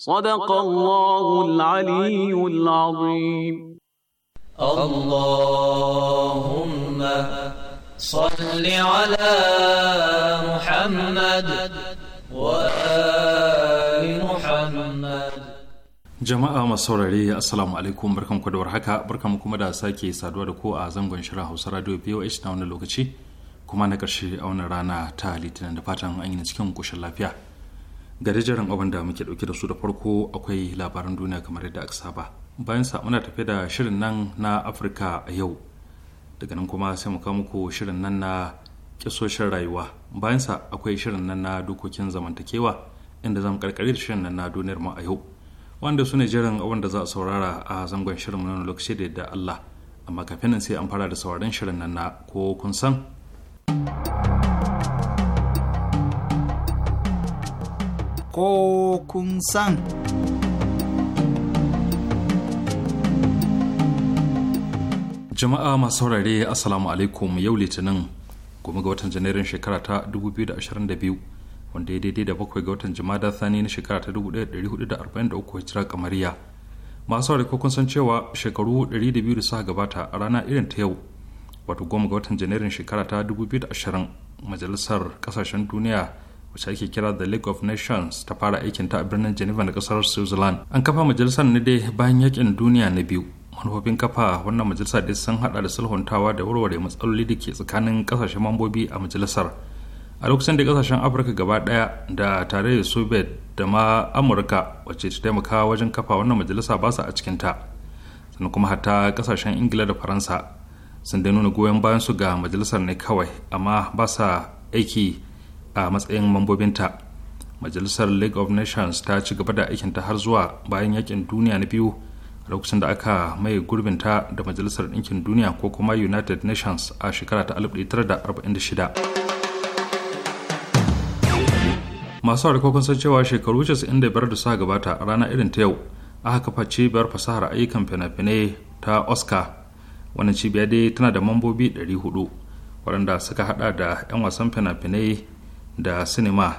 صدق الله العلي العظيم اللهم صل على محمد وآل محمد jama'a masu saurare assalamu alaikum barkan ku da warhaka barkan kuma da sake saduwa da ku a zangon shirin hausa radio boh na wani lokaci kuma na karshe a wani rana ta litinin da fatan an yi cikin kushin lafiya ga jiran abin da muke dauke da su da farko akwai labaran duniya kamar yadda aka saba bayan sa muna tafe da shirin nan na afirka a yau daga nan kuma sai mu kawo muku shirin nan na kisoshin rayuwa bayan sa akwai shirin nan na dokokin zamantakewa inda zamu karkare da shirin nan na duniyar mu a yau wanda su ne jiran abin da za a saurara a zangon shirin nan lokaci da yadda Allah amma kafin nan sai an fara da sauraron shirin nan na ko kun san ko kun san. Jama'a masu saurare Assalamu alaikum yau Litinin goma ga watan Janairun shekara ta 2022 wanda ya daidai da bakwai ga watan da Thani na shekara ta 1443 hijira kamariya. Masu saurare ko kun san cewa shekaru 200 da suka gabata a rana irin ta yau wato goma ga watan Janairun shekara ta 2020 majalisar kasashen duniya wacce ake kira the league of nations ta fara aikin ta a birnin geneva na kasar switzerland an kafa majalisar ne dai bayan yakin duniya na biyu manufofin kafa wannan majalisa dai sun hada da sulhuntawa da warware matsaloli da ke tsakanin kasashen mambobi a majalisar a lokacin da kasashen afirka gaba daya da tare da soviet da ma amurka wacce ta taimaka wajen kafa wannan majalisa ba su a ta sannan kuma hatta kasashen ingila da faransa sun dai nuna goyon bayan su ga majalisar ne kawai amma ba sa aiki a matsayin mambobinta majalisar league of nations ta ci gaba da ta har zuwa bayan yakin duniya na biyu lokacin da aka mai gurbinta da majalisar ɗinkin duniya ko kuma united nations a shekara ta 1946 masu harkokin sun cewa shekaru 95 da suka gabata a rana irin ta yau aka kafa cibiyar fasahar ayyukan fina-finai ta oscar wannan cibiya dai tana da mambobi 400 waɗanda suka hada da 'yan wasan fina-finai da sinima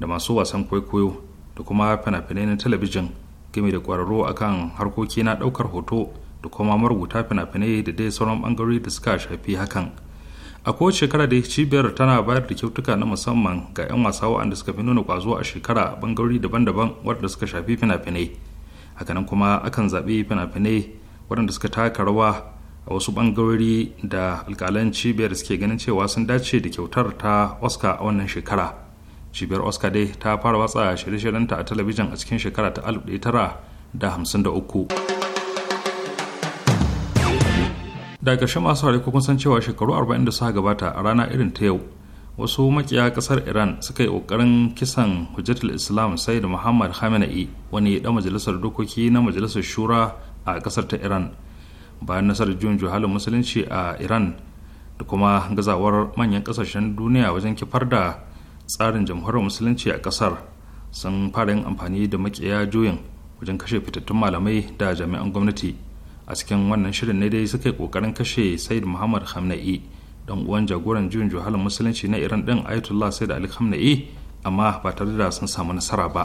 da masu wasan kwaikwayo da kuma fina-finai na talabijin game da ƙwararru akan harkoki na daukar hoto da kuma marubuta fina-finai da dai sauran bangarori da suka shafi hakan a kowace shekara da cibiyar tana bayar da kyautuka na musamman ga 'yan wasa waɗanda suka fi nuna kwazo a shekara bangarori daban-daban waɗanda suka shafi fina-finai hakanan kuma akan zaɓi fina-finai waɗanda suka taka rawa a wasu bangarori da alkalan cibiyar suke ganin cewa sun dace da kyautar ta oscar a wannan shekara cibiyar oscar dai ta fara watsa shirye-shiryenta a talabijin a cikin shekara ta 1953 daga ƙarshe masu hari kun san cewa shekaru 40 da suka gabata a rana irin ta yau wasu makiya kasar iran suka yi kokarin kisan hujjatul islam sayyid muhammad khamenei wani ɗan majalisar dokoki na majalisar shura a kasar ta iran bayan nasarar juyin juhalin musulunci a iran da kuma gazawar manyan kasashen duniya wajen kifar da tsarin jamhuriyar musulunci a kasar sun fara yin amfani da makiya juyin wajen kashe fitattun malamai da jami'an gwamnati a cikin wannan shirin ne dai suka yi kokarin kashe said muhammad hamna'i dan uwan jagoran juyin juhalin musulunci na iran din ayatollah said ali hamna'i amma ba tare da sun samu nasara ba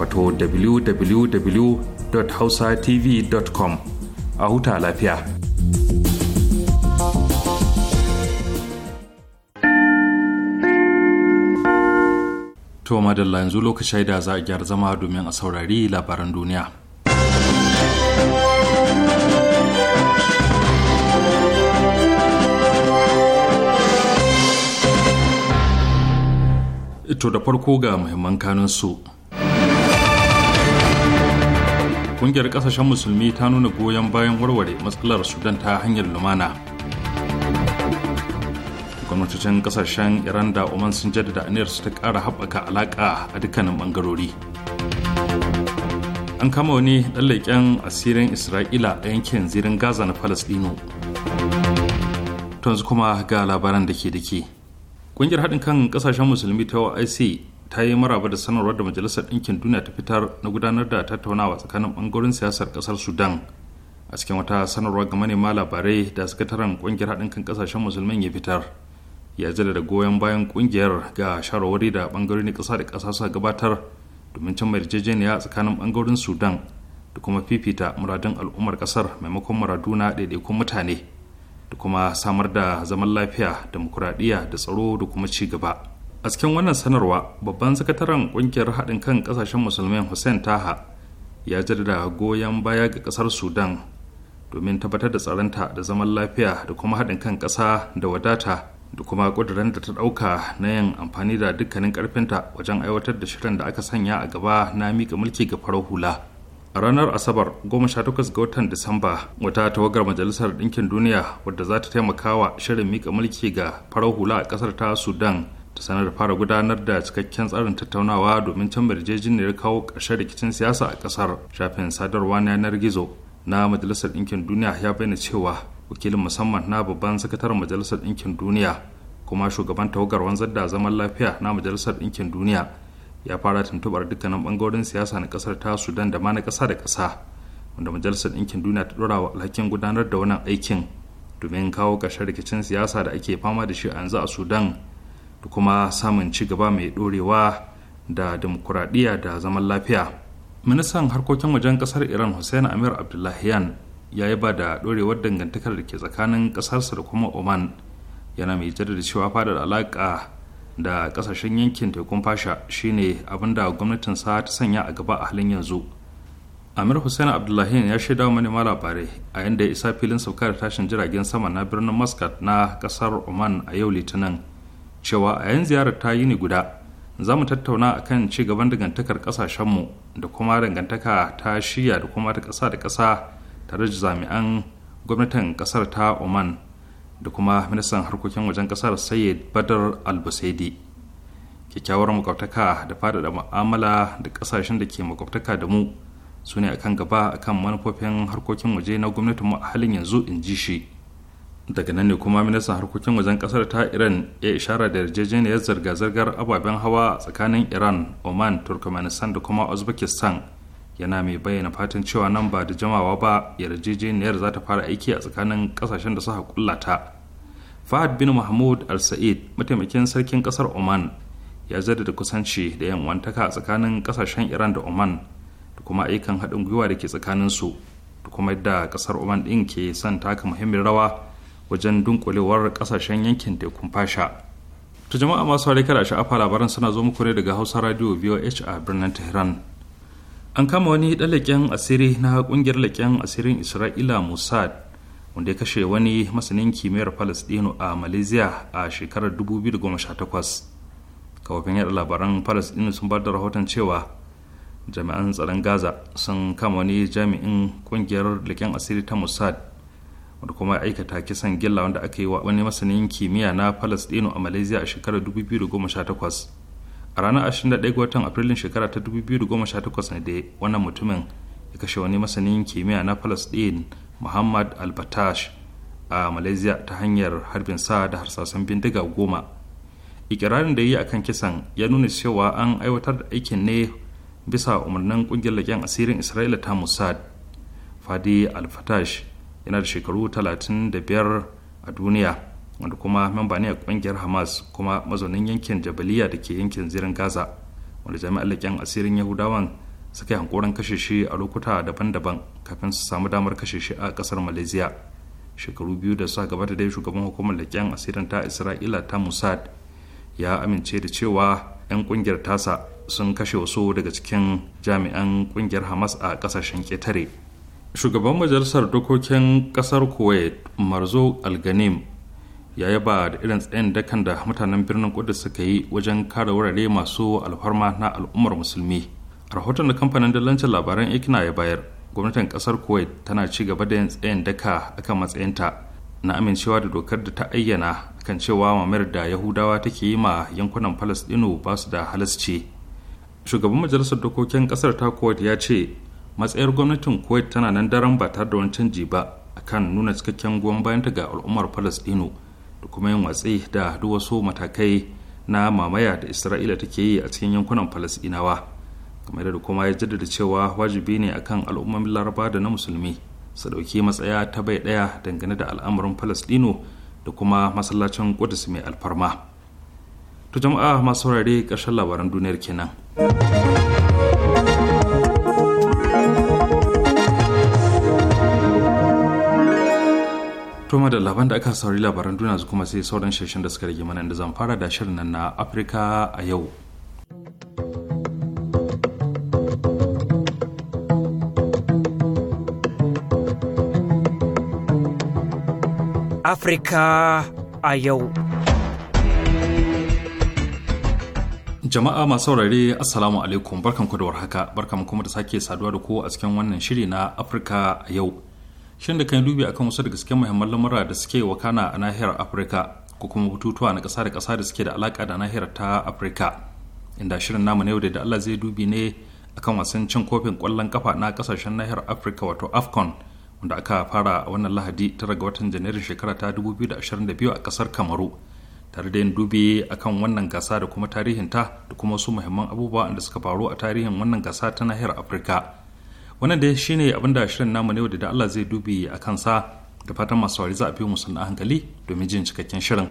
wato www.hausatv.com a huta lafiya. To madalla yanzu lokacin da za a gyara zama domin a saurari labaran duniya. To da farko ga muhimman kanunsu. su. kungiyar kasashen musulmi ta nuna goyon bayan warware matsalar sudan ta hanyar lumana gwamnatocin kasashen iran da oman sun jaddada aniyar su ta kara haɓaka alaƙa a dukkanin ɓangarori an kama wani ɗan asirin isra'ila a yankin zirin gaza na falasɗinu yanzu kuma ga labaran da ke da ke ƙungiyar haɗin kan ƙasashen musulmi ta oic ta yi maraba da sanarwar da majalisar ɗinkin duniya ta fitar na gudanar da tattaunawa tsakanin ɓangaren siyasar ƙasar sudan a cikin wata sanarwa ga manema labarai da sakataren ƙungiyar haɗin kan ƙasashen musulmi ya fitar ya jira da goyon bayan kungiyar ga shawarwari da ɓangarorin ƙasa da ƙasa suka gabatar domin cimma yarjejeniya tsakanin ɓangaren sudan da kuma fifita muradun al'ummar ƙasar maimakon na ɗaiɗaikun mutane da kuma samar da zaman lafiya demokuraɗiyya da tsaro da kuma ci gaba a cikin wannan sanarwa babban sakataren ƙungiyar haɗin kan ƙasashen musulmai hussein taha ya jaddada goyon baya ga ƙasar sudan domin tabbatar da tsaronta da zaman lafiya da kuma haɗin kan ƙasa da wadata da kuma ƙudurin da ta ɗauka na yin amfani da dukkanin ƙarfinta wajen aiwatar da shirin da aka sanya a gaba na miƙa mulki ga farar hula a ranar asabar 18 ga watan disamba wata tawagar majalisar ɗinkin duniya wadda za ta taimaka wa shirin mika mulki ga farar hula a ƙasar ta sudan ta sanar da fara gudanar da cikakken tsarin tattaunawa domin can yarjejeniyar kawo karshen rikicin siyasa a ƙasar shafin sadarwa na yanar gizo na majalisar ɗinkin duniya ya bayyana cewa wakilin musamman na babban sakataren majalisar ɗinkin duniya kuma shugaban tawagar wanzar da zaman lafiya na majalisar ɗinkin duniya ya fara tuntubar dukkanin bangarorin siyasa na kasar ta sudan da ma na kasa da kasa wanda majalisar ɗinkin duniya ta ɗora wa alhakin gudanar da wannan aikin domin kawo ƙarshen rikicin siyasa da ake fama da shi a yanzu a sudan da kuma samun ci gaba mai ɗorewa da demokuraɗiyya da zaman lafiya ministan harkokin wajen ƙasar iran hussein amir abdullahiyan ya yi ba da ɗorewar dangantakar da ke tsakanin ƙasarsa da kuma oman yana mai jaddada cewa fadar alaƙa da kasashen yankin tekun fasha shine abin da gwamnatin sa ta sanya a gaba a halin yanzu amir hussein abdullahi ya shaida wa manema labarai a yadda ya isa filin saukar da tashin jiragen sama na birnin muscat na kasar oman a yau litinin cewa a yan ziyarar ta yi yini guda za mu tattauna akan ci gaban dangantakar kasashenmu da kuma dangantaka ta shiya da kuma ta kasa da kasa tare da jami'an gwamnatin kasar ta oman da kuma ministan harkokin wajen kasar sayyid badar albusaidi kyakkyawar makwabtaka da fadada ma'amala da ƙasashen da ke makwabtaka da mu su ne akan gaba akan manufofin harkokin waje na gwamnatin mu a halin yanzu in ji shi daga nan ne kuma ministan harkokin wajen kasar ta iran ya ishara da yarjejeniyar zirga-zirgar ababen hawa tsakanin iran oman turkmenistan da kuma uzbekistan yana mai bayyana fatan cewa nan ba da jamawa ba yarjejeniyar za ta fara aiki a tsakanin kasashen da suka kullata fahad bin mahmud al-sa'id mataimakin sarkin kasar oman ya da kusanci da yan wantaka a tsakanin kasashen iran da oman da kuma ayyukan haɗin gwiwa da ke tsakanin su da kuma yadda kasar oman ɗin ke son taka muhimmin rawa wajen dunkulewar kasashen yankin tekun fasha to jama'a masu harika da sha'afa labaran suna zo muku ne daga hausa radio voh a birnin tehran an kama wani ɗan leƙen asiri na ƙungiyar leƙen asirin isra'ila mossad wanda ya kashe wani masanin kimiyyar palestino a malaysia a shekarar 2018 kawafin yada labaran palestino sun ba da rahoton cewa jami'an tsaron gaza sun kama wani jami'in ƙungiyar leƙen asiri ta mossad wanda kuma aikata kisan gilla wanda aka yi wa wani masanin kimiyya na palestino a malaysia a shekarar 2018 a ranar 21 ga watan afrilun shekara ta 2018 ne da wannan mutumin ya kashe wani masanin kimiyya na palestine muhammad albatash a malaysia ta hanyar harbin sa da harsasan bindiga goma ikirarin da yi a kan kisan ya nuna cewa an aiwatar da aikin ne bisa umarnin kungiyar laƙen asirin isra'ila ta musad fadi alfatash yana da shekaru 35 a duniya wanda kuma mamba ne a kungiyar hamas kuma mazaunin yankin jabaliya da ke yankin zirin gaza wanda jami'an leƙen asirin yahudawan suka yi hankoran kashe shi a lokuta daban-daban kafin su samu damar kashe shi a kasar malaysia shekaru biyu da suka gabata dai shugaban hukumar leƙen asirin ta isra'ila ta musad ya amince da cewa 'yan kungiyar tasa sun kashe wasu daga cikin jami'an kungiyar hamas a kasashen ƙetare shugaban majalisar dokokin kasar kuwait marzo alganim ya yaba da irin tsayin dakan da mutanen birnin kudus suka yi wajen kare wurare masu alfarma na al'ummar musulmi rahoton da kamfanin dillancin labaran ikina ya bayar gwamnatin kasar kuwait tana ci gaba da yin tsayin daka akan matsayinta na amincewa da dokar da ta ayyana kan cewa mamayar da yahudawa take yi ma yankunan palestino ba su da halasci shugaban majalisar dokokin kasar ta kuwait ya ce matsayar gwamnatin kuwait tana nan daren ba tare da wani canji ba akan nuna cikakken goyon bayan ga al'ummar palestino da kuma yin watsi da duk wasu matakai na mamaya da isra'ila take yi a cikin yankunan falasinawa kamar da kuma ya jaddada cewa wajibi ne akan al'ummomin laraba da na musulmi su dauki matsaya ta bai ɗaya dangane da al'amarin falasdino da kuma masallacin ƙudus mai alfarma to jama'a masu saurare ƙarshen labaran duniyar kenan. Tuma da laban da aka saurari labaran duniya su kuma sai sauran shirshen da suka rage mana inda zan fara da shirin nan na Afirka a yau. Afirka a yau. Jama'a masu saurare Assalamu alaikum barkan da haka, barkan kuma da sake saduwa da ku a cikin wannan shiri na Afirka a yau. shin da kan dubi akan wasu da cikin muhimman lamura da suke wakana a nahiyar afirka ko kuma bututuwa na kasa da kasa da suke da alaka da nahiyar ta afirka inda shirin namu na yau da allah zai dubi ne akan wasan cin kofin kwallon kafa na kasashen nahiyar afirka wato afcon wanda aka fara a wannan lahadi tara ga watan janairun shekara ta 2022 a kasar kamaru tare da yin dubi akan wannan gasa da kuma tarihinta da kuma wasu muhimman abubuwa da suka faru a tarihin wannan gasa ta nahiyar afirka wannan dai shine abin da shirin namu ne da Allah zai dubi a kansa da fatan masu saurari za a fi musu na hankali domin jin cikakken shirin.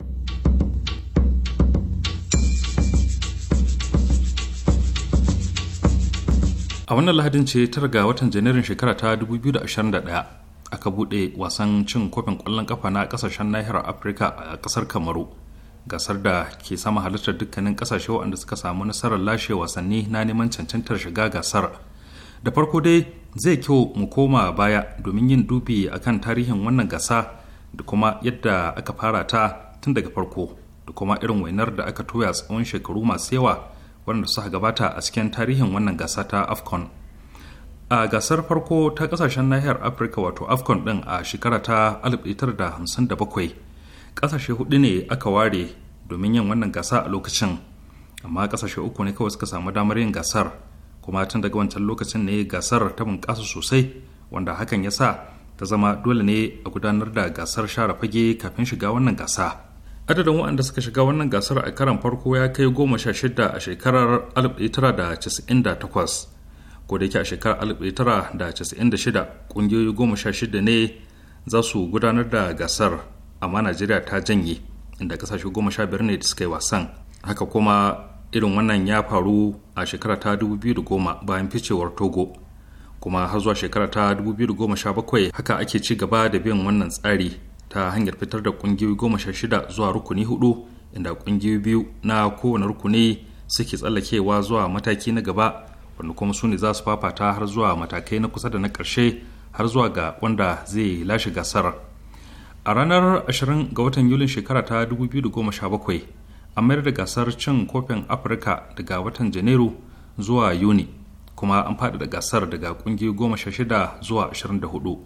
a wannan lahadin ce ta ga watan janairun shekara ta 2021 aka bude wasan cin kofin kwallon kafa na kasashen nahiyar afirka a kasar kamaru gasar da ke sama halittar dukkanin kasashe waɗanda suka samu nasarar lashe wasanni na neman cancantar shiga gasar da farko dai zai kyau mu koma baya domin yin dubi a kan tarihin wannan gasa da kuma yadda aka fara ta tun daga farko da kuma irin wainar da aka toya tsawon shekaru masu yawa waɗanda suka gabata a cikin tarihin wannan gasa ta afcon a gasar farko ta kasashen nahiyar afirka wato afcon din a shekara ta 1957 kasashe hudu ne aka ware domin yin wannan gasa a lokacin amma kasashe uku ne kawai suka samu damar yin gasar kuma tun daga wancan lokacin ne gasar ta bunƙasa sosai wanda hakan ya sa ta zama dole ne a gudanar da gasar share fage kafin shiga wannan gasa adadin waɗanda suka shiga wannan gasar a karan farko ya kai goma sha shida a shekarar 1998 ko da yake a shekarar 1996 ƙungiyoyi goma sha shida ne za su gudanar da gasar amma najeriya ta janye inda kasashe goma sha biyar ne da suka yi wasan haka kuma irin wannan ya faru a shekara ta 2010 bayan ficewar togo kuma har zuwa shekara ta 2017 haka ake ci gaba da bin wannan tsari ta hanyar fitar da kungiyoyi goma sha shida zuwa rukuni hudu inda kungiyoyi biyu na kowane rukuni suke tsallakewa zuwa mataki na gaba wanda kuma su ne za su fafata har zuwa matakai na kusa da na ƙarshe har zuwa ga wanda zai lashe gasar a ranar 20 ga watan yulin shekara ta 2017 a mayar da gasar cin kofin afirka daga watan janairu zuwa yuni kuma an faɗaɗa gasar daga ƙungiyoyi goma sha shida zuwa ashirin da hudu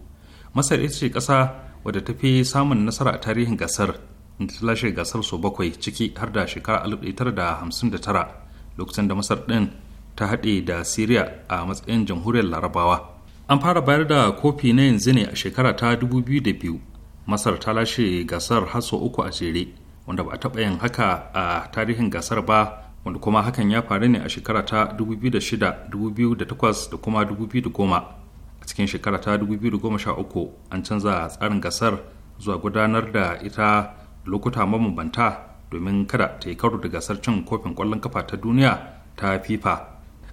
masar ita ce ƙasa wadda ta fi samun nasara a tarihin gasar inda ta lashe gasar sau bakwai ciki har da shekara 1959 lokacin da masar ɗin ta haɗe da Siriya a matsayin jamhuriyar larabawa an fara bayar da kofi na yanzu ne a shekara ta 2002 masar ta lashe gasar har sau uku a jere wanda ba a taɓa yin haka a tarihin gasar ba wanda kuma hakan ya faru ne a shekara ta 2006 2008 da kuma 2010 a cikin shekara ta 2013 an canza tsarin gasar zuwa gudanar da ita lokuta mabambanta domin kada ta yi karo da gasar cin kofin kwallon kafa ta duniya ta fifa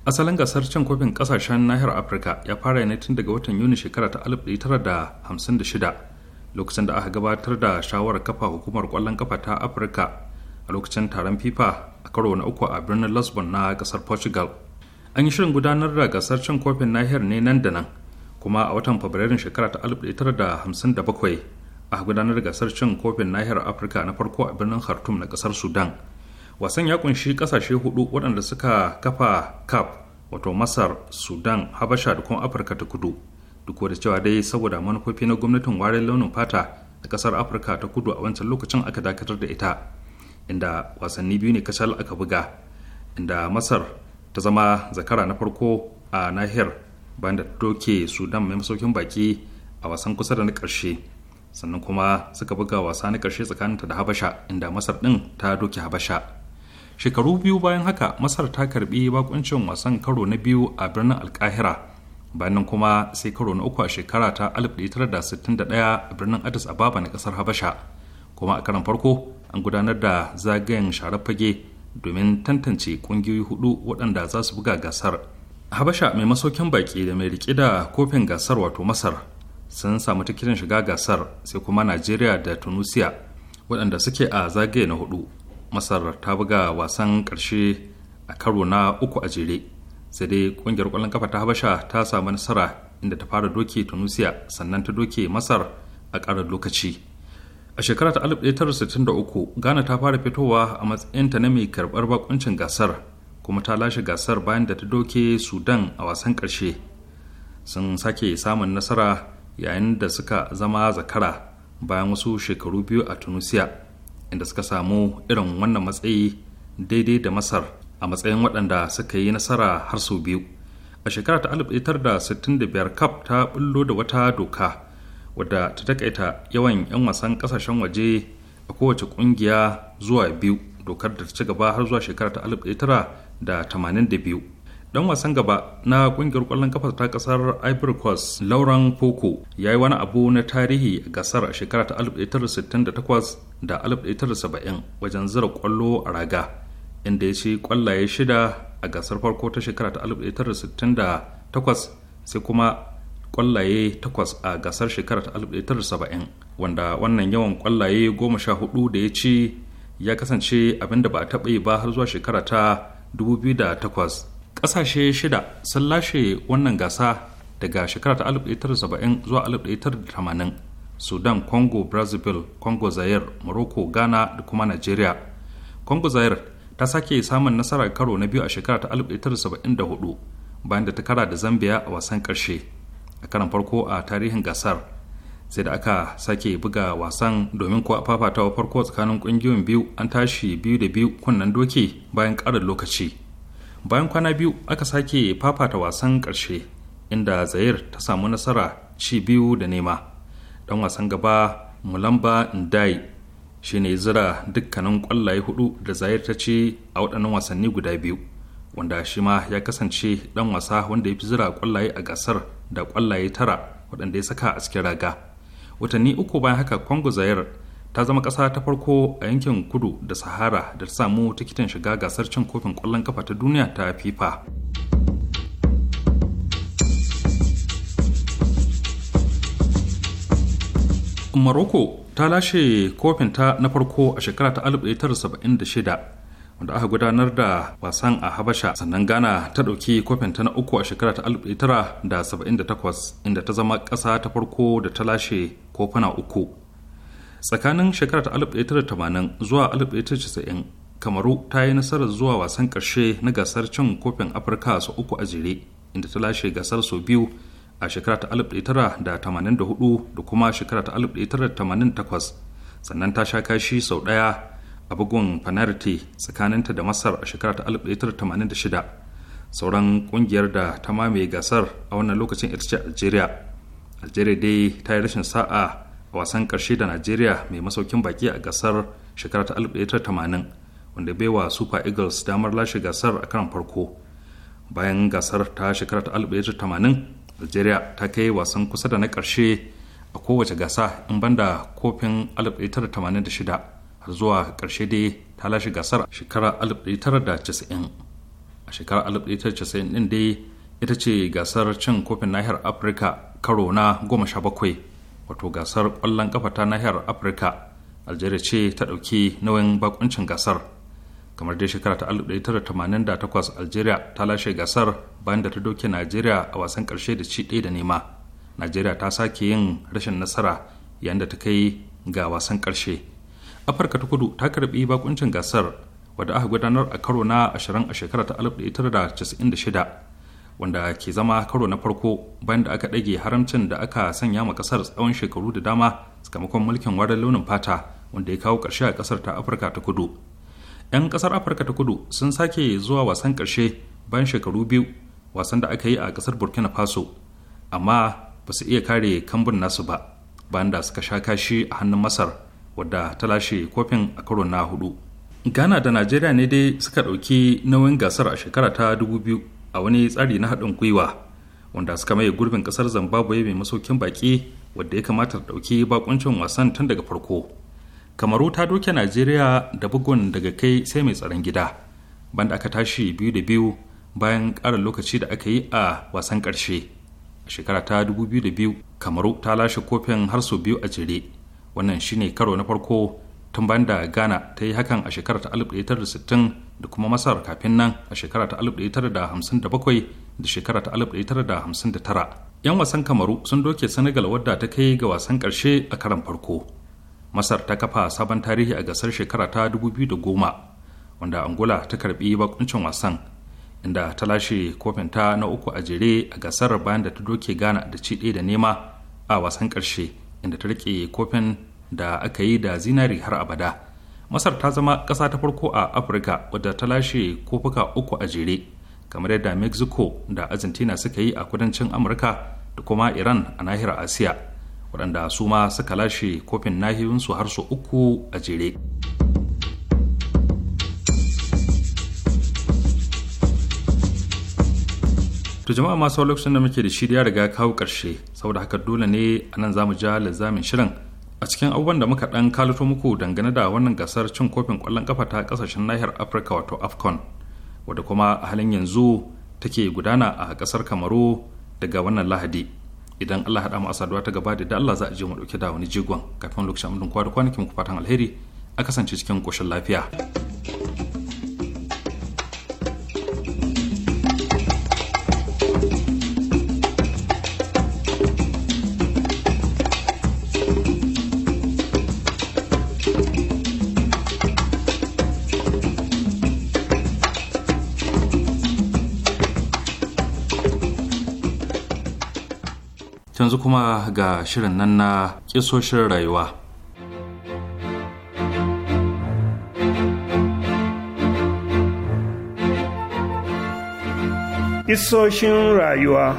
asalin gasar cin kofin kasashen nahiyar afirka ya fara ne tun daga watan yuni shekara ta 1956 lokacin da aka gabatar da shawarar kafa hukumar kwallon kafa ta afirka a lokacin taron fifa a karo na uku a birnin lisbon na kasar portugal an yi shirin gudanar da gasar cin kofin nahiyar ne nan da nan kuma a watan fabrairun shekara ta bakwai a gudanar da gasar cin kofin nahiyar afirka na farko a birnin khartoum na kasar sudan wasan ya kunshi kasashe hudu waɗanda suka kafa cap wato masar sudan habasha da kuma afirka ta kudu duk da cewa dai saboda manufofi na gwamnatin warin launin fata a kasar afirka ta kudu a wancan lokacin aka dakatar da ita inda wasanni biyu ne kashal aka buga inda masar ta zama zakara na farko a nahiyar bayan da doke sudan mai masaukin baki a wasan kusa da na karshe sannan kuma suka buga wasa na karshe tsakaninta da habasha inda masar ɗin ta doke habasha shekaru biyu bayan haka masar ta karbi bakuncin wasan karo na biyu a birnin alkahira bayan kuma sai karo na uku a shekara ta 1961 a birnin addis ababa na kasar habasha kuma a karan farko an gudanar da zagayen sharar fage domin tantance kungiyoyi hudu waɗanda za su buga gasar habasha mai masaukin baki da mai rike da kofin gasar wato masar sun samu tikitin shiga gasar sai kuma najeriya da tunisia waɗanda suke a zagaye na hudu masar ta buga wasan ƙarshe a karo na uku a jere sai dai kungiyar kwallon kafa ta habasha ta samu nasara inda ta fara doke tunisia sannan ta doke masar a ƙara lokaci a shekara ta 1963 ghana ta fara fitowa a matsayinta na mai karɓar bakuncin gasar kuma ta lashe gasar bayan da ta doke sudan a wasan ƙarshe sun sake samun nasara yayin da suka zama zakara bayan wasu shekaru biyu a tunisia inda suka samu irin wannan matsayi daidai da masar a matsayin waɗanda suka yi nasara har sau biyu a shekara ta 1965 cap ta bullo da wata doka wadda ta takaita yawan 'yan wasan kasashen waje a kowace ƙungiya zuwa biyu dokar da ta ci gaba har zuwa shekara ta 1982 dan wasan gaba na ƙungiyar kwallon kafa ta ƙasar ivory coast lauren poco ya yi wani abu na tarihi a gasar a shekara ta 1968 da 1970 wajen zira kwallo a raga inda ya ci kwallaye shida a gasar farko ta shekara ta 1968 sai kuma kwallaye takwas a gasar shekara ta 1970 wanda wannan yawan kwallaye goma sha hudu da ya ci ya kasance abin da ba a taɓa yi ba har zuwa shekara ta 2008 ƙasashe shida sun lashe wannan gasa daga shekara ta 1970 zuwa 1980 sudan congo brazil congo zaire morocco ghana da kuma nigeria congo zaire ta sake samun nasara karo na biyu a shekara ta 1974 bayan da ta kara da zambia a wasan karshe a karan farko a tarihin gasar sai da aka sake buga wasan domin kuwa fafatawa farko tsakanin ƙungiyoyin biyu an tashi biyu da biyu kunnen doki bayan karin lokaci bayan kwana biyu aka sake fafata wasan karshe inda zayir ta samu nasara ci biyu da nema dan wasan gaba mulamba ndai shine zira dukkanin kwallaye hudu da zayar ta ce a waɗannan wasanni guda biyu wanda shi ma ya kasance dan wasa wanda ya fi zira kwallaye a gasar da kwallaye tara waɗanda ya saka a cikin raga watanni uku bayan haka kwango zayar ta zama ƙasa ta farko a yankin kudu da sahara da ta samu tikitin shiga gasar cin kofin kwallon kafa ta duniya ta fifa Morocco ta lashe kofinta na farko a shekara ta 1976 wanda aka gudanar da wasan a habasha sannan ghana ta ɗauki kofinta na uku a shekara ta 1978 inda ta zama ƙasa ta farko da ta lashe kofuna uku tsakanin shekara ta 1980 zuwa 1990 kamaru ta yi nasarar zuwa wasan ƙarshe na gasar cin kofin afirka su uku a jere inda ta lashe gasar su biyu a shekara ta 1984 da kuma shekara ta 1988 sannan ta sha kashi sau ɗaya a bugun fanarti tsakaninta da masar a shekara ta 1986 sauran kungiyar da ta mamaye gasar a wannan lokacin ita ce algeria algeria dai ta yi rashin sa'a a wasan ƙarshe da nigeria mai masaukin baki a gasar shekara ta 1980 wanda baiwa super eagles damar lashe gasar a karan farko bayan gasar ta shekara ta 1980 algeria ta kai wasan kusa da na ƙarshe a kowace gasa in banda kofin 1986 har zuwa ƙarshe dai ta lashe gasar shekara 1990 a shekarar 1990 ɗin dai ita ce gasar cin kofin nahiyar afirka karo na 17 wato gasar ƙwallon kafa ta nahiyar afirka algeria ce ta ɗauki nauyin bakuncin gasar kamar dai shekara ta 1988 algeria ta lashe gasar bayan da ta doke najeriya a wasan karshe da ci ɗaya da nema najeriya ta sake yin rashin nasara yayin da ta kai ga wasan karshe afirka ta kudu ta karbi bakuncin gasar wadda aka gudanar a karo na 20 a shekara ta 1996 wanda ke zama karo na farko bayan da aka ɗage haramcin da aka sanya ma kasar tsawon shekaru da dama sakamakon mulkin warin launin fata wanda ya kawo ƙarshe a kasar ta afirka ta kudu 'yan kasar afirka ta kudu sun sake zuwa wasan karshe bayan shekaru biyu wasan da aka yi a kasar burkina faso amma ba su iya kare kambun nasu ba bayan da suka sha kashi a hannun masar wadda ta lashe kofin a karo na hudu ghana da najeriya ne dai suka ɗauki nauyin gasar a shekara ta 2000 a wani tsari na haɗin gwiwa wanda suka maye gurbin kasar zimbabwe mai masaukin baki wadda ya kamata ta ɗauki bakuncin wasan tun daga farko kamaru ta doke najeriya da bugun daga kai sai mai tsaron gida banda aka tashi biyu da biyu bayan ƙara lokaci da aka yi a wasan karshe a shekara ta 2002 kamaru ta lashe kofin har sau biyu a jere wannan shine karo na farko tun bayan da ghana ta yi hakan a shekara ta 1960 da kuma masar kafin nan a shekara ta 1957 da shekara ta 1959 'yan wasan kamaru sun doke senegal wadda ta kai ga wasan karshe a karan farko masar ta kafa sabon tarihi a gasar shekara ta 2010 wanda angola ta karbi bakuncin wasan inda ta lashe kofin ta na uku a jere a gasar bayan da ta doke gana da ci da nema a wasan karshe inda ta rike kofin da aka yi da zinari har abada masar ta zama ƙasa ta farko a afirka wadda ta lashe kofuka uku a jere kamar yadda mexico da argentina suka yi a kudancin amurka da kuma iran a nahiyar asiya waɗanda su ma suka lashe kofin nahiyunsu har su uku a jere to jama'a masu lokacin da muke da shi ya riga kawo ƙarshe saboda haka dole ne a nan za mu ja lizamin shirin a cikin abubuwan da muka ɗan kalato muku dangane da wannan gasar cin kofin ƙwallon ƙafa ta ƙasashen nahiyar afirka wato afcon wadda kuma a halin yanzu take gudana a ƙasar kamaru daga wannan lahadi idan Allah haɗa mu a saduwa ta gaba da Allah za a je mu ɗauke da wani jigon kafin lokacin amdin kwa da kwanakin ku fatan alheri a kasance cikin koshin lafiya. yanzu kuma ga shirin nan na kisoshin rayuwa Kisoshin rayuwa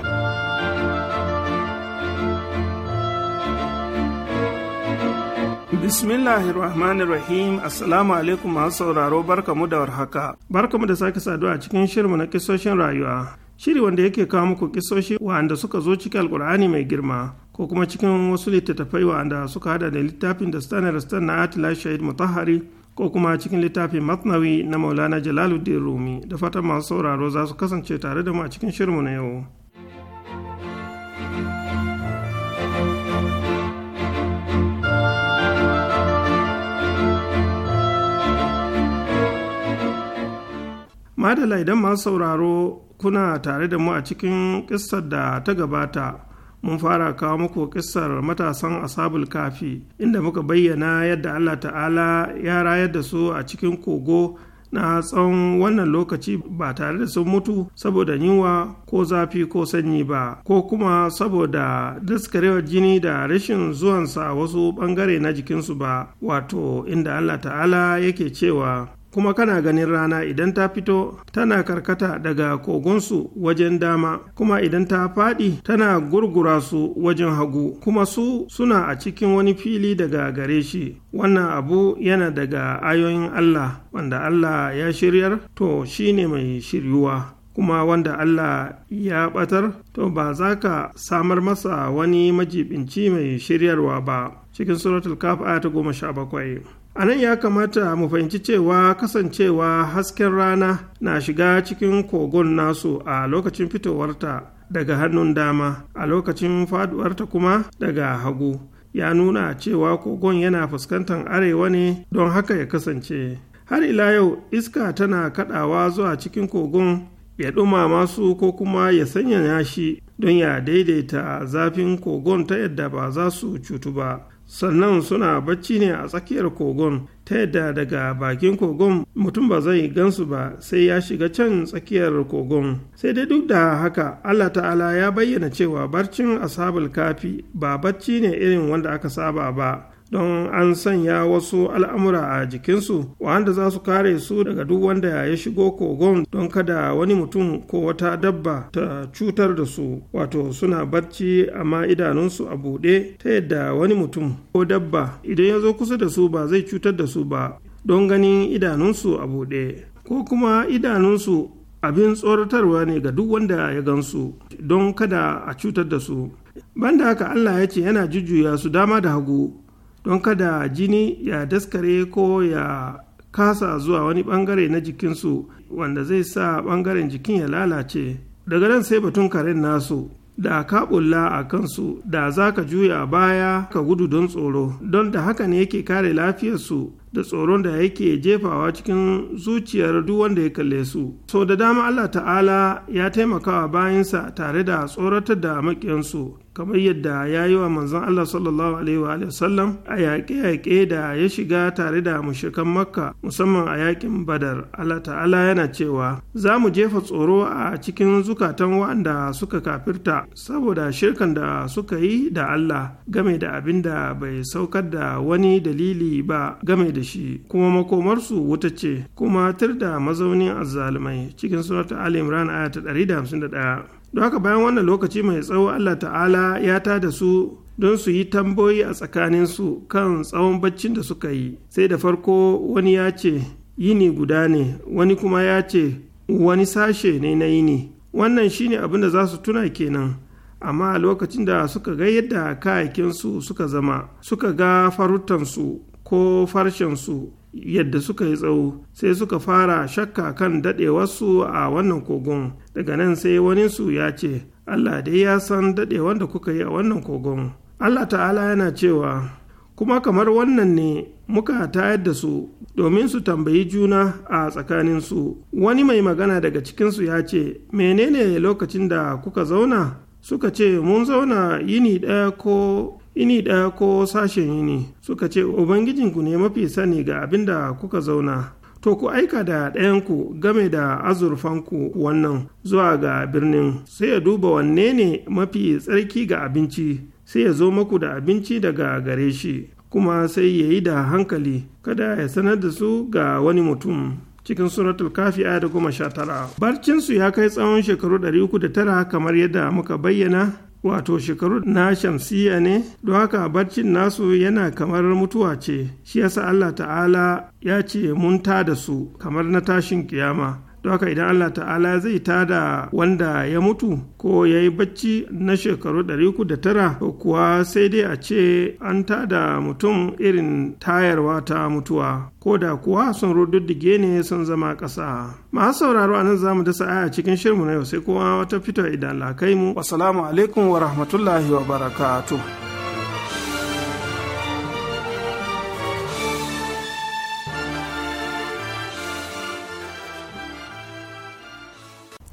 Bismillahir Rahmanir Rahim Assalamu alaikum masu sauraro barkamu da warhaka barkamu da sake saduwa a cikin shirmu na kisoshin rayuwa shiri wanda yake kawo muku kisoshi wa'anda suka zo cikin alkur'ani mai girma ko kuma cikin wasu littattafai wa'anda suka hada da littafin da stanar stan na atila shahid mutahari ko kuma cikin littafin matnawi na maulana jalaluddin rumi da fatan masu sauraro za su kasance tare da mu a cikin shirinmu na yau madala idan masu sauraro kuna tare da mu a cikin ƙisar da ta gabata mun fara kawo muku kisar matasan asabul kafi inda muka bayyana yadda allah ta'ala ya rayar da su a cikin kogo na tsawon wannan lokaci ba tare da sun mutu saboda yunwa ko zafi ko sanyi ba ko kuma saboda daskarewar jini da rashin zuwansa wasu ɓangare na jikinsu ba wato inda allah ta'ala yake cewa kuma kana ganin rana idan ta fito tana karkata daga kogonsu wajen dama kuma idan ta faɗi tana gurgura su wajen hagu kuma su suna a cikin wani fili daga gare shi wannan abu yana daga ayoyin Allah wanda Allah ya shiryar to shi ne mai shiryuwa kuma wanda Allah ya batar to ba za ka samar masa wani majibinci mai shiryarwa ba cikin suratul kaf goma sha bakwai a nan ya kamata mu fahimci cewa kasancewa hasken rana na shiga cikin kogon nasu a lokacin fitowarta daga hannun dama a lokacin faduwarta kuma daga hagu ya nuna cewa kogon yana fuskantar arewa ne don haka ya kasance har ila yau iska tana kadawa zuwa cikin kogon ya ɗumama su ko kuma ya sanya shi don ya daidaita zafin kogon ta yadda ba za su cutu ba sannan suna bacci ne a tsakiyar kogon ta yadda daga bakin kogon mutum ba zai gansu ba sai ya shiga can tsakiyar kogon sai dai duk da haka allah ta'ala ya bayyana cewa barcin asabul kafi ba bacci ne irin wanda aka saba ba don an sanya wasu al'amura a jikinsu wanda za su kare su daga duk wanda ya shigo kogon don kada wani mutum ko wata dabba ta cutar da su wato suna barci amma idanunsu a buɗe ta yadda wani mutum ko dabba idan ya zo kusa da su ba zai cutar da su ba don ganin idanunsu a buɗe ko kuma idanunsu abin tsoratarwa ne ga duk wanda ya gansu don kada a cutar da su banda haka Allah ya ce yana jujjuya su dama da hagu don kada jini ya daskare ko ya kasa zuwa wani bangare na jikinsu wanda zai sa bangaren jikin ya lalace daga nan sai batun karen nasu da ka a kansu da za ka juya baya ka gudu don tsoro don da haka ne yake kare lafiyarsu da tsoron da yake jefawa cikin zuciyar duk wanda ya kalle su so da dama allah ta'ala ya taimakawa bayansa tare da tsoratar da maƙiyansu kamar yadda ya yi wa manzon Allah sallallahu alaihi wa sallam a yaƙe-yaƙe da ya shiga tare da mushrikan makka musamman a yaƙin badar Allah ta'ala yana cewa za mu jefa tsoro a cikin zukatan waɗanda suka kafirta saboda shirkan da suka yi da Allah game da abin da bai saukar da wani dalili ba game da shi kuma makomarsu wuta ce kuma tir da mazaunin azzalumai cikin suratul Ali Imran aya ta 151 don haka bayan wannan lokaci mai tsawo allah ta'ala ya ta da su don su yi tamboyi a tsakaninsu kan tsawon baccin da suka yi sai da farko wani ya ce yini guda ne wani kuma ya ce wani sashe ne na yini wannan shine abin da za su tuna kenan amma a lokacin da suka ga yadda kayakinsu suka zama suka ga farutansu ko farshensu yadda suka yi tsawo sai suka fara shakka kan daɗewarsu a wannan kogon daga nan sai waninsu ya ce allah dai ya san daɗewar da kuka yi a wannan kogon allah ta'ala yana cewa kuma kamar wannan ne muka tayar da su domin su tambayi juna a tsakaninsu wani mai magana daga cikinsu ya ce menene lokacin da kuka zauna suka ce mun zauna yini ɗaya ko ini ɗaya ko sashen yini suka ce ubangijinku ne mafi sani ga abin da kuka zauna to ku aika da ɗayanku game da azurfanku wannan zuwa ga birnin sai ya duba wanne ne mafi tsarki ga abinci sai ya zo maku da abinci daga gare shi kuma sai ya yi da hankali kada ya sanar da su ga wani mutum cikin suratul kafi aya da goma sha tara barcinsu ya kai tsawon shekaru ɗari uku da tara kamar yadda muka bayyana wato shekaru na shamsiya ne don haka barcin nasu yana kamar mutuwa ce shi yasa Allah ta'ala ya ce mun ta da su kamar na tashin kiyama don haka idan allah ta'ala zai tada wanda ya mutu ko ya yi bacci na shekaru 309 ko kuwa sai dai a ce an tada mutum irin tayarwa ta mutuwa ko da kuwa sun rududdige ne sun zama ƙasa masu sauraro a nan za mu dasa aya cikin shirmu na yau sai kuma wata fito idan lakai mu wasalamu alaikum wa rahmatullahi wa barakatuh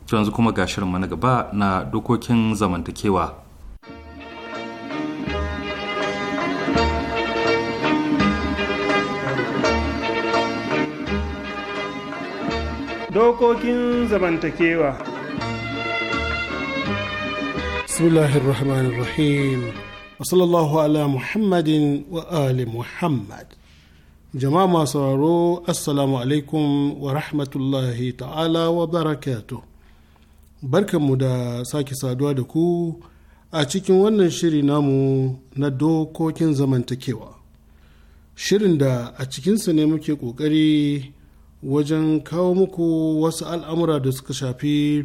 To yanzu kuma ga shirinmu na gaba na dokokin zamantakewa. Dokokin zamantakewa Bismillahirrahmanirrahim wa sallallahu ala Muhammadin wa ali Muhammad. Jama'a masu sauraro, Assalamu alaikum wa rahmatullahi ta'ala wa barakatuh. mu da sake saduwa da ku a cikin wannan shiri namu na dokokin zamantakewa shirin da a cikinsa ne muke ƙoƙari wajen kawo muku wasu al'amura da suka shafi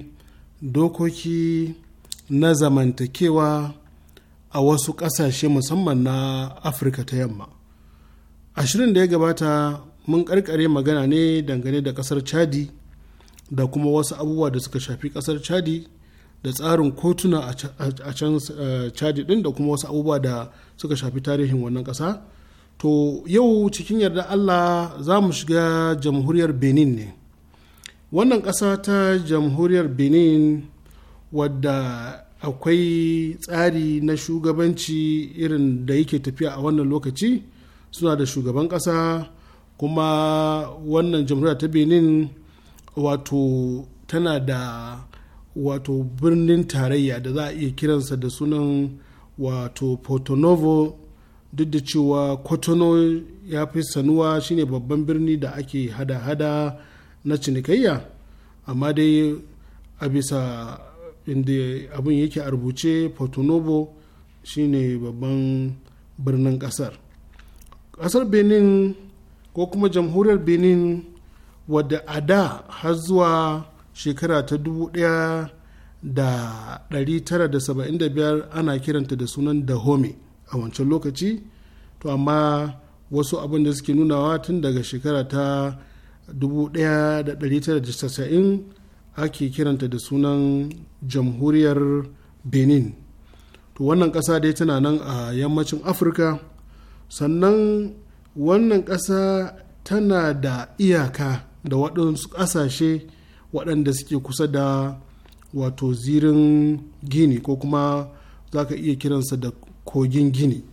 dokoki na zamantakewa a wasu ƙasashe musamman na afirka ta yamma a shirin da ya gabata mun ƙarƙare magana ne dangane da ƙasar chadi da kuma wasu abubuwa da suka shafi kasar chadi da tsarin kotuna a can eh, chadi din da kuma wasu abubuwa da suka shafi tarihin wannan kasa to yau cikin yarda allah za mu shiga jamhuriyar benin ne wannan kasa ta jamhuriyar benin wadda akwai tsari na shugabanci irin da yake tafiya a wannan lokaci suna da shugaban kasa kuma wannan jamhuriyar ta benin wato tana da wato birnin tarayya da za a iya kiransa da sunan wato potonovo duk da cewa kotono ya fi sanuwa shine babban birni da ake hada-hada na cinikayya amma dai a bisa inda abin yake a rubuce potonovo shine babban birnin kasar kasar benin ko kuma jamhuriyar benin wadda a da har zuwa shekara ta 1975 ana kiranta da sunan Dahomey a wancan lokaci to amma wasu abin da suke nunawa tun daga shekara ta 1990 ake kiranta da sunan jamhuriyar benin to wannan ƙasa dai tana nan a yammacin afirka sannan wannan ƙasa tana da iyaka da waɗansu ƙasashe waɗanda suke kusa da wato zirin gini ko kuma za ka iya kiransa da kogin gini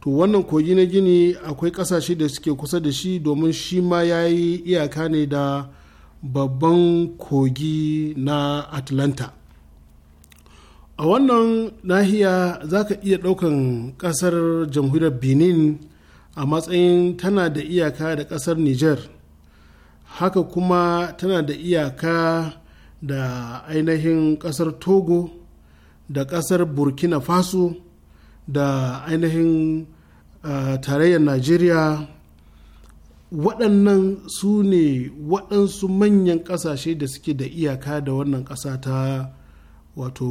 to wannan kogi na gini akwai ƙasashe da suke kusa da shi domin shi ma ya yi iyaka ne da babban kogi na atlanta a wannan nahiya za ka iya ɗaukan ƙasar jamhuriyar benin a matsayin tana da iyaka da ƙasar niger haka kuma tana da iyaka da ainihin ƙasar togo da ƙasar burkina faso da ainihin uh, tarayyar nigeria waɗannan su ne waɗansu manyan ƙasashe da suke da iyaka da wannan ƙasa ta wato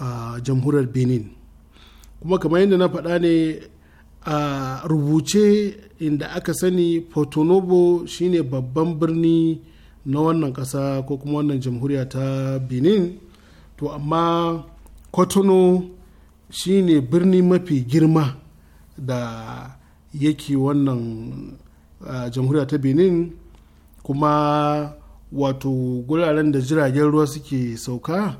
uh, jamhuriyar benin kuma kamar yadda na faɗa ne a rubuce inda aka sani porto shine babban birni na wannan ƙasa ko kuma wannan jamhuriya ta benin to amma kotono shine birni mafi girma da yake wannan uh, jamhuriya ta benin kuma wato guraren da jiragen ruwa suke sauka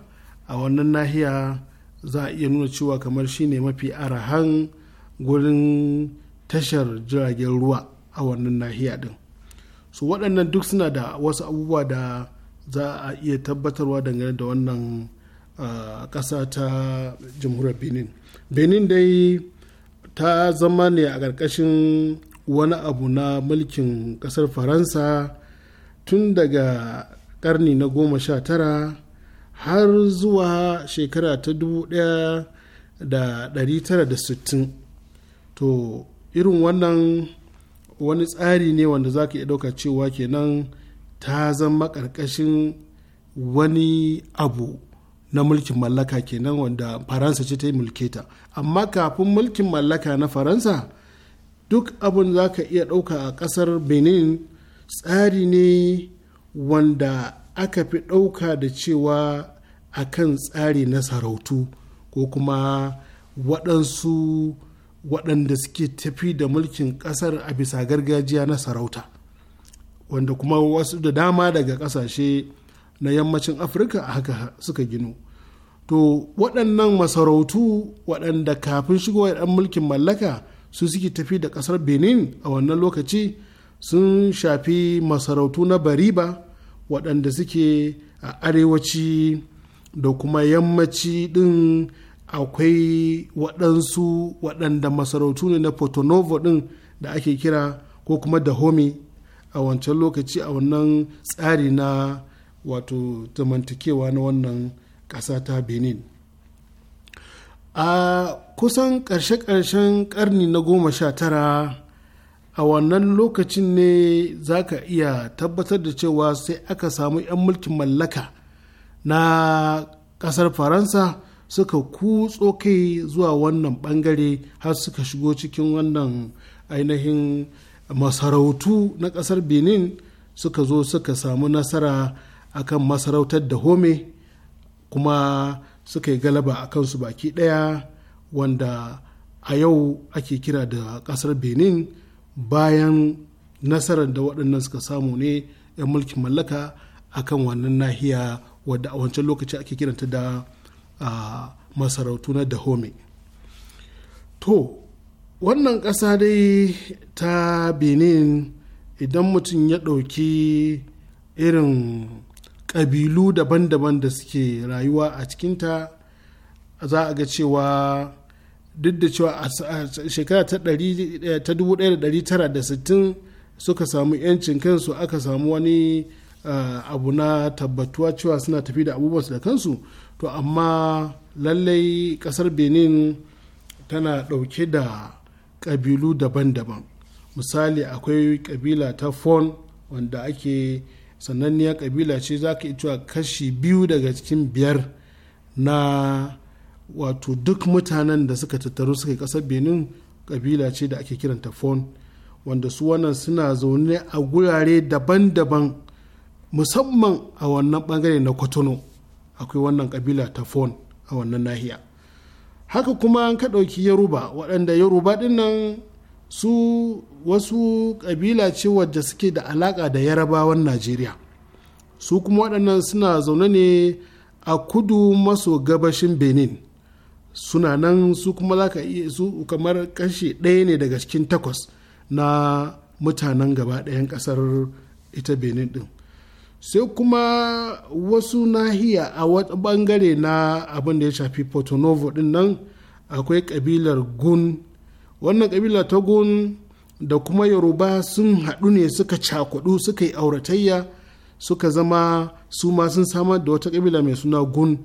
a wannan nahiya za a iya nuna cewa kamar shine mafi arahan gurin tashar jiragen ruwa a wannan nahiya din su waɗannan duk suna da wasu abubuwa da za a iya tabbatarwa dangane da wannan ah, ƙasa ta jamhuriyar benin benin dai ta zama ne a ƙarƙashin wani abu na mulkin ƙasar faransa tun daga ƙarni na goma sha tara har zuwa shekara ta dubu ɗaya da ɗari tara da sittin to irin wannan wani tsari ne wanda za ka iya ɗauka cewa kenan ta zama ƙarƙashin wani abu na mulkin mallaka kenan wanda faransa ce ta yi mulketa amma kafin mulkin mallaka na faransa duk abin za ka iya ɗauka a ƙasar benin tsari ne wanda aka fi ɗauka da cewa a kan tsari na sarautu ko kuma waɗansu waɗanda suke tafi da mulkin ƙasar a bisa gargajiya na sarauta wanda kuma wasu da dama daga ƙasashe na yammacin afirka a haka suka ginu to waɗannan masarautu waɗanda kafin shigowar ɗan mulkin mallaka su suke tafi da ƙasar benin a wannan lokaci sun shafi masarautu na bariba waɗanda suke a arewaci da kuma yammaci ɗin akwai waɗansu waɗanda masarautu ne na portonovo ɗin da ake kira ko kuma homi a wancan lokaci a wannan tsari na wato zamantakewa na wannan ƙasa ta benin a kusan ƙarshe-ƙarshen ƙarni na goma sha tara a wannan lokacin ne za ka iya tabbatar da cewa sai aka samu 'yan mulkin mallaka na ƙasar faransa suka kutso kai zuwa wannan bangare har suka shigo cikin wannan ainihin masarautu na kasar benin suka zo suka samu nasara akan masarautar da home kuma suka yi galaba a kansu baki ɗaya wanda a yau ake kira da kasar benin bayan nasarar da waɗannan suka samu ne 'yan mulkin mallaka akan wannan nahiya wadda a wancan lokaci ake kiranta da a masarautu na dahome to wannan ƙasa dai ta benin idan mutum ya ɗauki irin ƙabilu daban-daban da suke rayuwa a cikinta za a ga cewa duk da cewa a shekara ta 1960 eh, suka samu 'yancin kansu aka samu wani eh, abu na tabbatuwa cewa suna tafi da abubuwansu da kansu to amma lallai kasar benin tana ɗauke da ƙabilu daban-daban misali akwai ƙabila ta fon wanda ake sananniya ƙabila ce za ka cewa kashi biyu daga cikin biyar na wato duk mutanen da suka tattaru suka yi ƙasar benin ƙabila ce da ake kiranta fon wanda su wannan suna zaune a gurare daban-daban musamman a wannan ɓangare na kwatano akwai wannan kabila ta fon a wannan nahiya haka kuma an ka ɗauki yaruba waɗanda yaruba dinnan su wasu kabila ce wadda suke da alaƙa da yarabawan najeriya su kuma waɗannan suna zaune ne a kudu maso gabashin benin suna nan su kuma za ka iya su kamar kashe ɗaya ne daga cikin takwas na mutanen gaba ɗayan ƙasar ita benin ɗin sai kuma wasu nahiya a wata bangare na abin da ya shafi portonovo din nan akwai kabilar gun wannan ƙabila ta gun da kuma yoruba sun haɗu ne suka cakudu suka yi auratayya suka zama su ma sun samar da wata kabila mai suna gun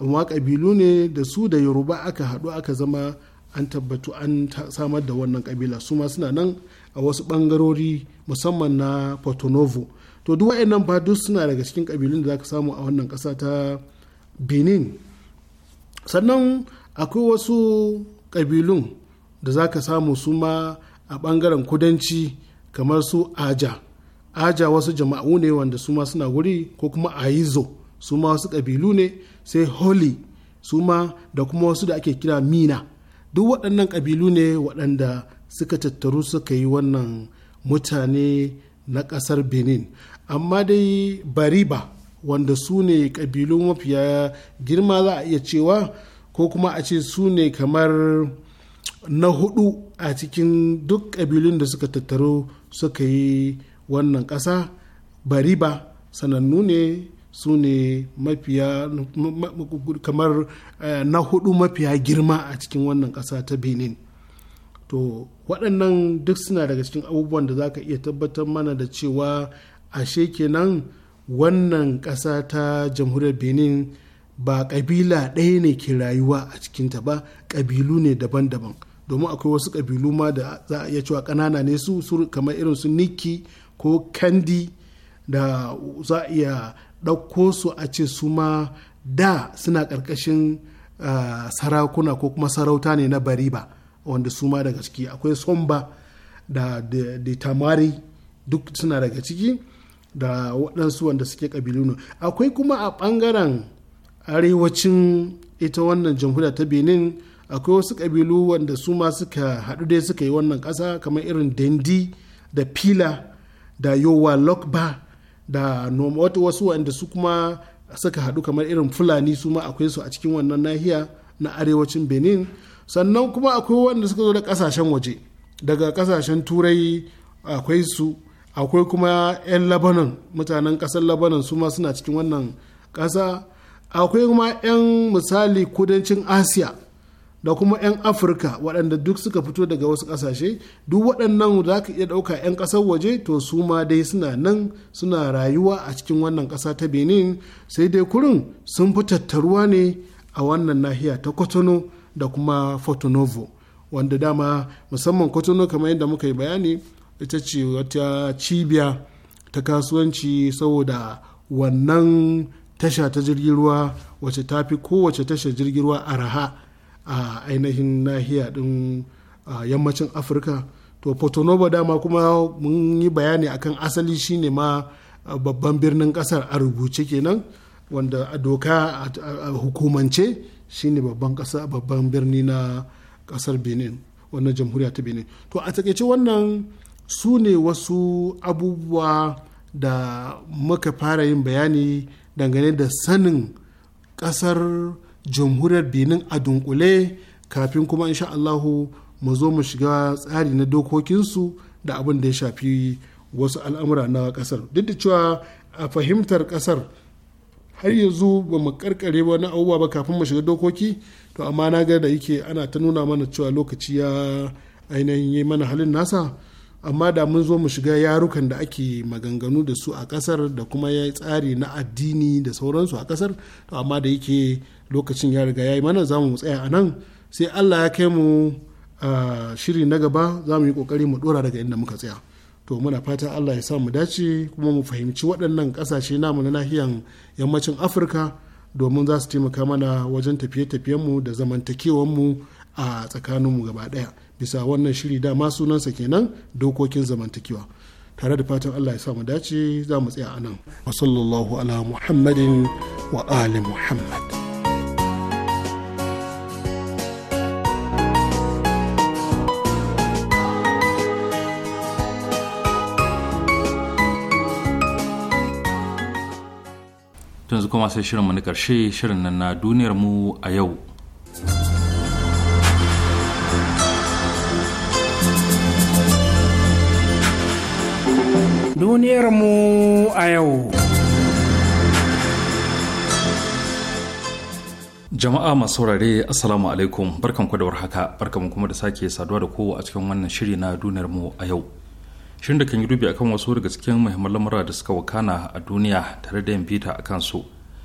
amma kabilu ne da su da yoruba aka haɗu aka zama an tabbatu an samar da wannan kabila su ma suna nan a wasu ɓangarori musamman na portonovo to duk wa'annan ba duk suna daga cikin kabilun da zaka samu a wannan ƙasa ta benin sannan akwai wasu ƙabilun da zaka samu su ma a ɓangaren kudanci kamar su aja aja wasu jama'u ne wanda su ma suna wuri ko kuma aizo su ma wasu kabilu ne sai holi su ma da kuma wasu da ake kira mina duk waɗannan ƙabilu ne waɗanda suka tattaru suka yi wannan mutane na ƙasar benin amma dai bariba wanda su ne kabilu mafiya girma za a iya cewa ko kuma a ce su ne kamar na hudu a cikin duk kabilun da suka tattaro suka yi wannan ƙasa bariba sanannu ne su ne mafiya kamar eh, na hudu mafiya girma a cikin wannan ƙasa ta benin to waɗannan duk suna daga cikin abubuwan da za ka iya tabbatar mana da cewa ashe kenan wannan ƙasa ta jamhuriyar benin ba ƙabila ɗaya ne ke rayuwa a cikinta ba ƙabilu ne daban-daban domin akwai wasu ƙabilu ma da za a iya cewa ƙanana ne su kamar irin su nikki ko kandi da za a iya ɗauko su a ce su ma da suna ƙarƙashin uh, sarakuna ko kuma sarauta ne na bariba wanda su ma daga ciki akwai somba da, da, da tamari duk suna daga ciki da waɗansu wanda suke ƙabilu akwai kuma a ɓangaren arewacin ita wannan jamhuriya ta benin akwai wasu ƙabilu wanda su ma suka haɗu dai suka yi wannan ƙasa kamar irin dendi da pila da yowa lokba da wata wasu wanda su kuma suka haɗu kamar irin fulani su ma akwai su a cikin wannan nahiya na arewacin benin sannan kuma akwai wanda suka zo da ƙasashen waje daga ƙasashen turai akwai su akwai kuma 'yan labanon mutanen ƙasar labanon su ma suna cikin wannan ƙasa akwai kuma 'yan misali kudancin asiya da kuma 'yan afirka waɗanda duk suka fito daga wasu ƙasashe duk waɗannan za ka iya ɗauka 'yan ƙasar waje to su ma dai suna nan suna rayuwa a cikin wannan ƙasa ta benin sai dai kurin sun fi tattaruwa ne a wannan nahiya ta kotono da kuma fotonovo wanda dama musamman kotono kamar yadda muka yi bayani ita ce wata cibiya ta kasuwanci saboda wannan tasha ta jirgin ruwa wacce ta fi kowace tasha jirgin ruwa a raha a ainihin nahiya din yammacin afirka to portonova dama kuma mun yi bayani akan asali shine ma babban birnin kasar a rubuce kenan wanda a doka a hukumance shine babban kasa babban birni na kasar benin wannan jamhuriya ta benin to a takaice wannan su ne wasu abubuwa da muka fara yin bayani dangane da sanin ƙasar jamhuriyar benin a dunkule kafin kuma insha Allahu mu zo mu shiga tsari na dokokinsu da abin da ya shafi wasu al'amura na ƙasar duk da cewa a fahimtar ƙasar har yanzu ba mu karkare wani abubuwa ba kafin mu shiga dokoki to amma na ga da yake ana ta nuna mana cewa lokaci ya ainihin yi mana halin nasa amma da mun zo mu shiga yarukan da ake maganganu da su a kasar da kuma ya tsari na addini da sauransu a kasar to amma da yake lokacin ya riga ya yi mana za mu tsaya a nan sai allah ya kai mu shiri na gaba za mu yi kokari mu dora daga inda muka tsaya to muna fata allah ya sa mu dace kuma mu fahimci waɗannan ƙasashe namu na nahiyan yammacin afirka domin za su taimaka mana wajen tafiye-tafiyenmu da zamantakewanmu a tsakaninmu gaba ɗaya bisa wannan shiri dama sunansa kenan dokokin zamantakewa tare da fatan allah ya sa mu dace za mu tsaya anan. nan sallallahu ala muhammadin wa ali muhammad yanzu kuma sai shirinmu na ƙarshe shirin nan na duniyarmu a yau duniyar mu a yau. Jama'a masu saurare Assalamu alaikum barkanku da warhaka barkanku kuma da sake saduwa da kowa a cikin wannan shiri na duniyarmu a yau. Shirin da kan yi dubi akan wasu daga cikin muhimman lamura da suka wakana a duniya tare da yin bita a su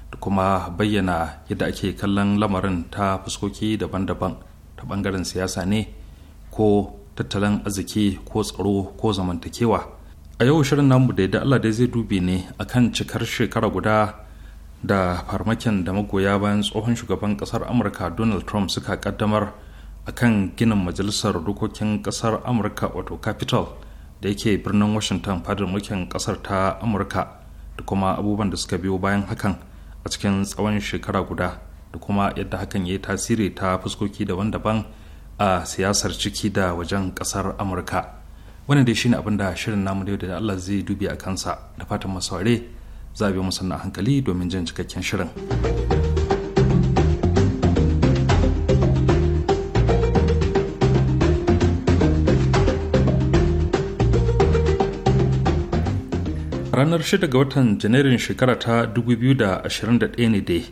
da kuma bayyana yadda ake kallon lamarin ta fuskoki daban-daban ta bangaren siyasa ne ko tattalin arziki ko tsaro ko zamantakewa. a yau shirin namu da yadda allah dai zai dubi ne a kan cikar shekara guda da farmakin da magoya bayan tsohon shugaban kasar amurka donald trump suka kaddamar a kan ginin majalisar dokokin kasar amurka wato capitol da yake birnin washington fadin mulkin kasar ta amurka da kuma abubuwan da suka biyo bayan hakan a cikin tsawon shekara guda da kuma yadda hakan ya yi tasiri ta fuskoki daban-daban a siyasar ciki da wajen kasar amurka wannan dai shine abin da shirin namu da da Allah zai dubi a kansa da fatan masu ware za a biyo mu hankali domin jin cikakken shirin ranar 6 ga watan janairun shekara ta 2021 ne dai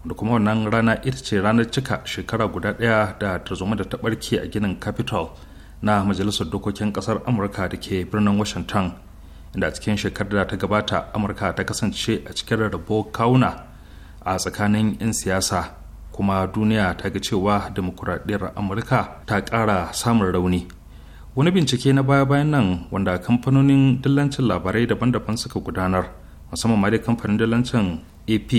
wanda kuma wannan rana ita ce ranar cika shekara guda daya da tarzoma da ta barke a ginin capitol na majalisar dokokin kasar amurka da ke birnin washington inda cikin shekarar da ta gabata amurka ta kasance a cikin rarrabo kauna a tsakanin 'yan siyasa kuma duniya ta ga cewa demokuraɗiyar amurka ta ƙara samun rauni wani bincike na baya-bayan nan wanda kamfanonin dillancin labarai daban-daban suka gudanar musamman ma da kamfanin dillancin ap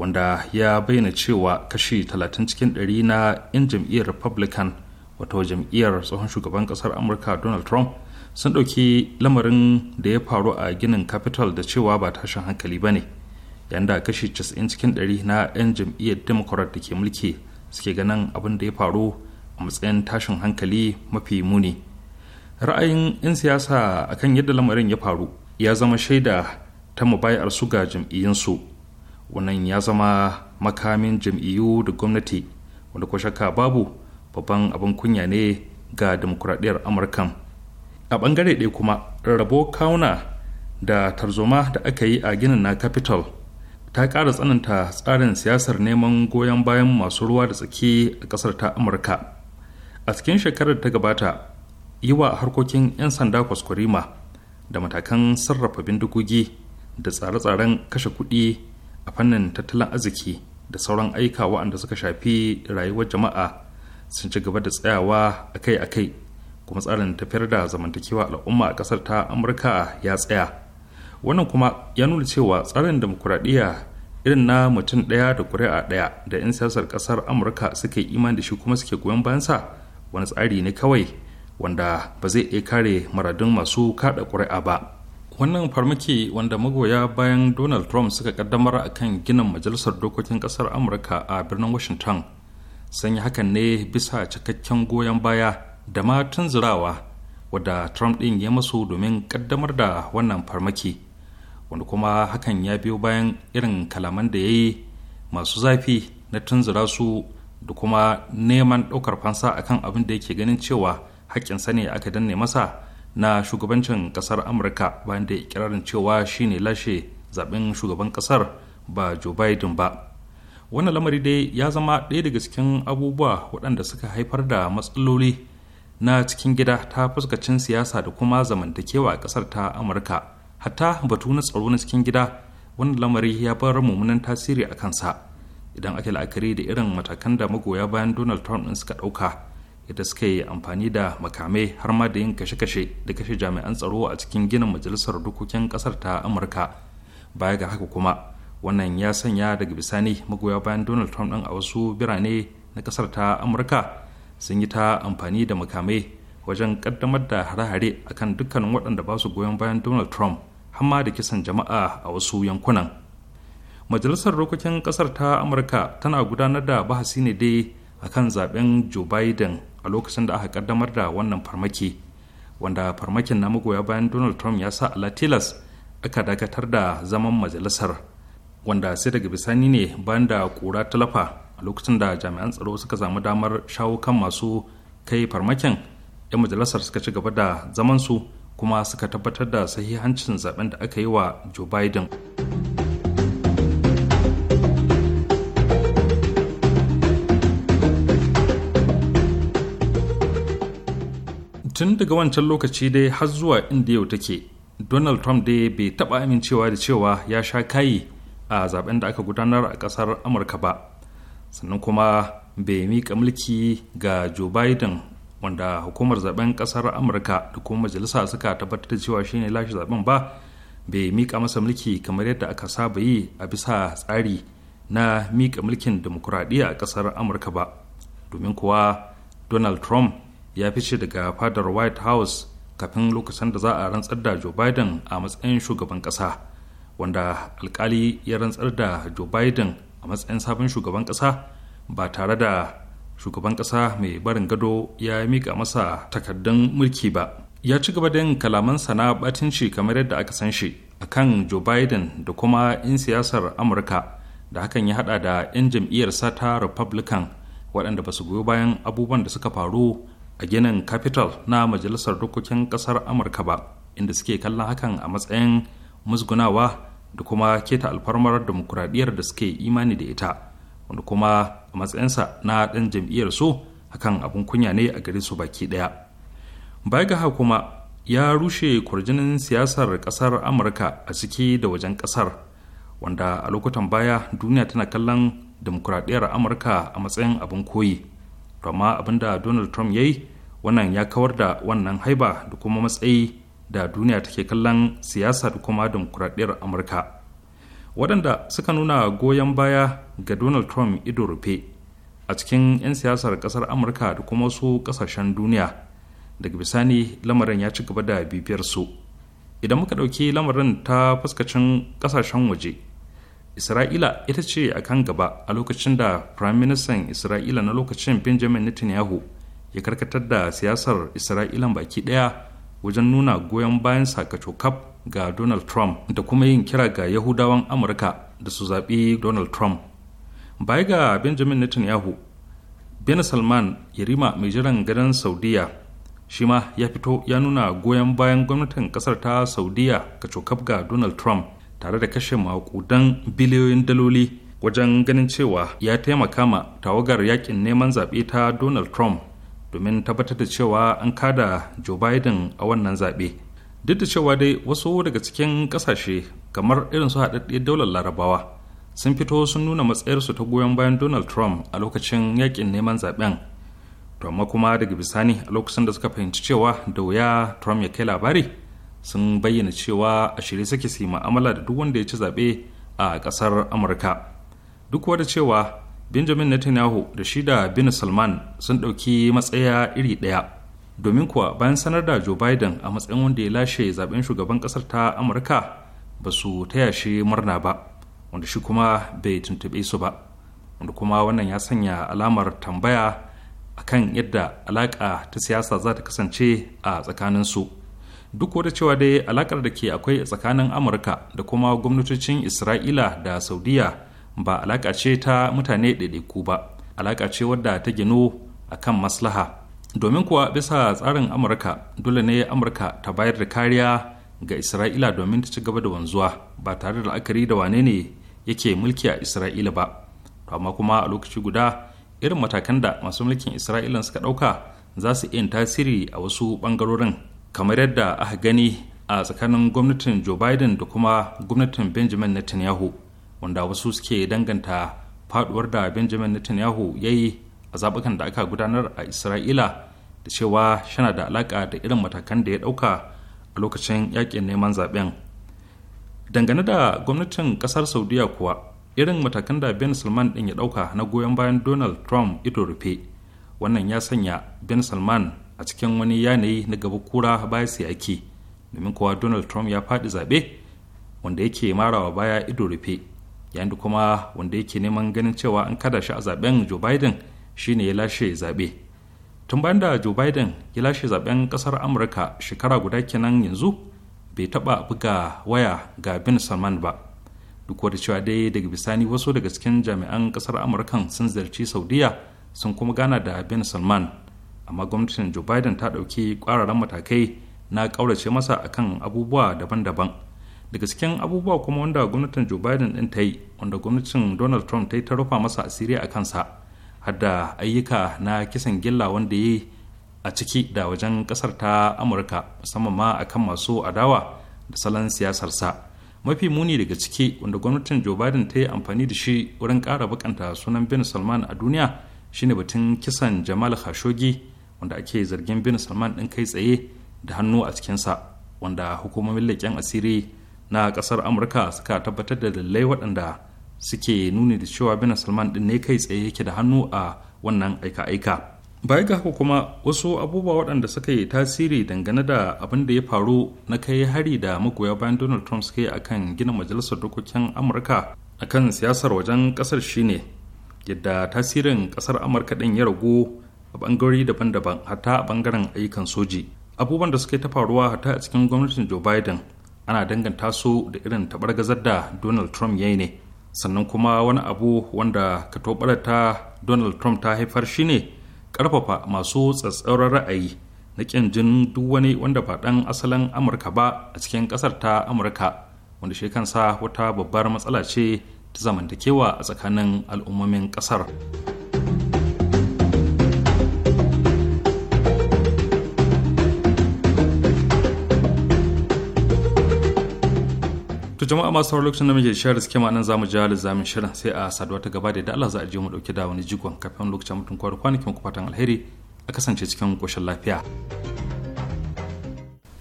wanda ya bayyana cewa kashi 30 cikin 100 na 'yan jam'iyyar republican wato jam'iyyar tsohon shugaban kasar amurka donald trump sun ɗauki lamarin da ya faru a ginin capital da cewa ba tashin hankali ba ne yayin da kashi 90 cikin 100 na 'yan jam'iyyar democrat da ke mulki suke ganin abin da ya faru a matsayin tashin hankali mafi muni ra'ayin 'yan siyasa akan yadda lamarin ya faru ya zama shaida ta mubayar su ga jam'iyyinsu wannan ya zama makamin jam'iyyu da gwamnati wanda ko shakka babu babban abin kunya ne ga demokuraɗiyar amurka a ɓangare ɗaya kuma rabo kauna da tarzoma da aka yi a ginin na capital ta ƙara tsananta tsarin siyasar neman goyon bayan masu ruwa da tsaki a ƙasar ta amurka a cikin shekarar ta gabata yi wa harkokin 'yan sanda kwaskwarima da matakan sarrafa bindigogi da tsare-tsaren kashe kuɗi a fannin tattalin arziki da sauran aika waɗanda suka shafi rayuwar jama'a sun ci gaba da tsayawa akai-akai kuma tsarin tafiyar da zamantakewa al'umma a kasar ta amurka ya tsaya wannan kuma ya nuna cewa tsarin demokuraɗiyya irin na mutum ɗaya da ƙuri'a ɗaya da 'yan siyasar ƙasar amurka suke imani da shi kuma suke goyon bayansa wani tsari ne kawai wanda ba zai iya kare maradun masu kaɗa ƙuri'a ba wannan farmaki wanda magoya bayan donald trump suka kaddamar akan kan ginin majalisar dokokin ƙasar amurka a birnin washington sun yi hakan ne bisa cikakken goyon baya da ma tunzurawa wadda trump ɗin ya masu domin ƙaddamar da wannan farmaki wanda kuma hakan ya biyo bayan irin kalaman da ya yi masu zafi na tunzura su da kuma neman ɗaukar fansa akan abin da yake ganin cewa haƙƙinsa sani aka danne masa na shugabancin ƙasar amurka bayan da ikirarin cewa shine lashe zaɓen shugaban ƙasar ba joe biden ba wannan lamari dai ya zama ɗaya daga cikin abubuwa waɗanda suka haifar da matsaloli na cikin gida ta fuskacin siyasa da kuma zamantakewa a ƙasar ta amurka hatta batu na tsaro na cikin gida wannan lamari ya bar mummunan tasiri a kansa idan ake la'akari da irin matakan da magoya bayan donald trump ɗin suka ɗauka yadda suka yi amfani da makamai har ma da yin kashe-kashe da kashe jami'an tsaro a cikin ginin majalisar dokokin ƙasar ta amurka baya ga haka kuma wannan ya sanya daga bisani magoya bayan donald trump ɗin a wasu birane na ƙasar ta amurka sun yi ta amfani da makamai wajen ƙaddamar da hare-hare akan dukkanin waɗanda ba su goyon bayan donald trump hamma da kisan jama'a a wasu yankunan majalisar rokokin ƙasar ta amurka tana gudanar da bahasi ne dai akan zaben joe biden a lokacin da aka ƙaddamar da wannan farmaki wanda farmakin na magoya bayan donald trump ya sa alatilas aka dakatar da zaman majalisar wanda sai daga bisani ne bayan da kura talafa a lokacin da jami'an tsaro suka samu damar shawo kan masu kai farmakin 'yan majalisar suka ci gaba da zaman su kuma suka tabbatar da sahihancin zaben da aka yi wa joe biden tun daga wancan lokaci dai har zuwa inda yau take donald trump dai bai taba amincewa da cewa ya sha kayi a zaben da aka gudanar a kasar amurka ba sannan kuma bai miƙa mulki ga joe biden wanda hukumar zaben kasar amurka da kuma majalisa suka tabbatar da cewa shine lashe zaben ba bai miƙa masa mulki kamar yadda aka saba yi a bisa tsari na miƙa mulkin demokuraɗiyya a ƙasar amurka ba domin kuwa donald trump ya fice daga fadar white house kafin lokacin da za a rantsar da joe biden a matsayin shugaban ƙasa wanda alkali ya rantsar da joe biden a matsayin sabon shugaban kasa ba tare da shugaban kasa mai barin gado ya mika masa takardun mulki ba ya ci gaba da yin kalaman sana batinci kamar yadda aka san shi a kan joe biden da kuma 'yan siyasar amurka da hakan ya hada da 'yan jam'iyyar ta republican waɗanda ba su goyi bayan abubuwan da suka faru a ginin capital na majalisar dokokin ƙasar amurka ba inda suke kallon hakan a matsayin musgunawa da kuma keta alfarmar demokuraɗiyar da suke imani da ita wanda kuma a matsayinsa na ɗan jam'iyyar su hakan abin kunya ne a garin su baki ɗaya baya ga haka kuma ya rushe kurjinin siyasar ƙasar amurka a ciki da wajen ƙasar wanda a lokutan baya duniya tana kallon demokuraɗiyar amurka a matsayin abin koyi amma abin da donald trump ya yi wannan ya kawar da wannan haiba da kuma matsayi da duniya take kallon siyasa da kuma demokuraɗiyar amurka waɗanda suka nuna goyon baya ga donald trump ido rufe a cikin 'yan siyasar ƙasar amurka da kuma wasu ƙasashen duniya daga bisani lamarin ya ci gaba da bibiyar su idan muka ɗauki lamarin ta fuskacin ƙasashen waje isra'ila ita ce a kan gaba a lokacin da firaministan isra'ila na lokacin benjamin netanyahu ya karkatar da siyasar isra'ilan baki ɗaya wajen nuna goyon bayan kaf ga donald trump da kuma yin kira ga yahudawan amurka da su zaɓi donald trump baya ga benjamin netanyahu ben salman yarima mai jiran gadon saudiya shi ma ya fito ya nuna goyon bayan gwamnatin kasar ta saudiya ga cokaf ga donald trump tare da kashe makudan biliyoyin daloli wajen ganin cewa ya taimaka ma tawagar yakin neman zaɓe ta donald trump domin tabbatar da cewa an kada joe biden a wannan zaɓe duk da cewa dai wasu daga cikin ƙasashe kamar irin su haɗaɗɗiyar daular larabawa sun fito sun nuna matsayarsu ta goyon bayan donald trump a lokacin yakin neman zaɓen to amma kuma daga bisani a lokacin da suka fahimci cewa da wuya trump ya kai labari sun bayyana cewa a shirye suke su yi ma'amala da duk wanda ya ci zaɓe a ƙasar amurka duk da cewa benjamin netanyahu da shi da bin salman sun ɗauki matsaya iri ɗaya domin kuwa bayan sanar da joe biden a matsayin wanda ya lashe zaben shugaban ƙasar ta amurka ba su taya shi murna ba wanda shi kuma bai tuntuɓe su ba wanda kuma wannan ya sanya alamar tambaya a kan yadda alaƙa ta siyasa za ta kasance a tsakanin su duk wata cewa dai alaƙar da ke akwai tsakanin amurka da kuma gwamnatocin isra'ila da saudiyya. ba alaƙa ce ta mutane ɗaiɗaiku ba alaƙa ce wadda ta ginu a kan maslaha domin kuwa bisa tsarin amurka dole ne amurka ta bayar da kariya ga isra'ila domin ta ci gaba da wanzuwa ba tare da la'akari da wane ne yake mulki a isra'ila ba to amma kuma a lokaci guda irin matakan da masu mulkin isra'ila suka ɗauka za su iya tasiri a wasu ɓangarorin kamar yadda aka gani a tsakanin gwamnatin joe biden da kuma gwamnatin benjamin netanyahu wanda wasu suke danganta faduwar da benjamin netanyahu ya yi a zaɓukan da aka gudanar a isra'ila da cewa shana da alaƙa da irin matakan da ya ɗauka a lokacin yakin neman zaɓen dangane da gwamnatin ƙasar saudiya kuwa irin matakan da ben salman ɗin ya ɗauka na goyon bayan donald trump ido rufe wannan ya sanya ben salman a cikin wani yanayi na gaba kura baya sai ake domin kuwa donald trump ya faɗi zaɓe wanda yake marawa baya ido rufe yayin da kuma wanda yake neman ganin cewa an kada shi a zaben joe biden shine ya lashe zaɓe tun bayan da joe biden ya lashe zaben ƙasar amurka shekara guda kenan yanzu bai taɓa buga waya ga bin salman ba duk da cewa dai daga bisani wasu daga cikin jami'an ƙasar amurkan sun ziyarci saudiya sun kuma gana da bin salman amma gwamnatin joe biden ta ɗauki ƙwararren matakai na ƙaurace masa akan abubuwa daban-daban daga cikin abubuwa kuma wanda gwamnatin joe biden din ta yi wanda gwamnatin donald trump ta yi ta rufa masa asiri a kansa har da ayyuka na kisan gilla wanda ya yi a ciki da wajen kasar ta amurka musamman ma akan masu adawa da salon siyasarsa mafi muni daga ciki wanda gwamnatin joe biden ta yi amfani da shi wurin ƙara bukanta sunan bin salman a duniya shine batun kisan jamal khashoggi wanda ake zargin bin salman ɗin kai tsaye da hannu a cikinsa wanda hukumomin leƙen asiri na kasar amurka suka tabbatar da lallai waɗanda suke nuni da cewa bin salman din ne kai tsaye yake da hannu a wannan aika-aika baya ga haka kuma wasu abubuwa waɗanda suka yi tasiri dangane da abin da ya faru na kai hari da magoya bayan donald trump suka yi akan gina majalisar dokokin amurka a kan siyasar wajen ƙasar shine yadda tasirin ƙasar amurka ɗin ya ragu a ɓangarori daban-daban hata a ɓangaren ayyukan soji abubuwan da suka yi ta faruwa hatta a cikin gwamnatin joe biden ana danganta su da irin taɓargazar da donald trump ya yi ne sannan kuma wani abu wanda ka ta donald trump ta haifar shi ne karfafa masu tsatsauran ra'ayi na ƙin jin duk wani wanda ba ɗan asalin amurka ba a cikin ƙasar ta amurka wanda shi kansa wata babbar matsala ce ta zamantakewa a tsakanin al'ummomin ƙasar. jama'a masu sauran lokacin da muke shirin riske nan zamu ji halin zamin shirin sai a saduwa ta gaba da Allah za a je mu dauke da wani jigon kafin lokacin mutum kwaro kwanakin ku fatan alheri a kasance cikin koshin lafiya.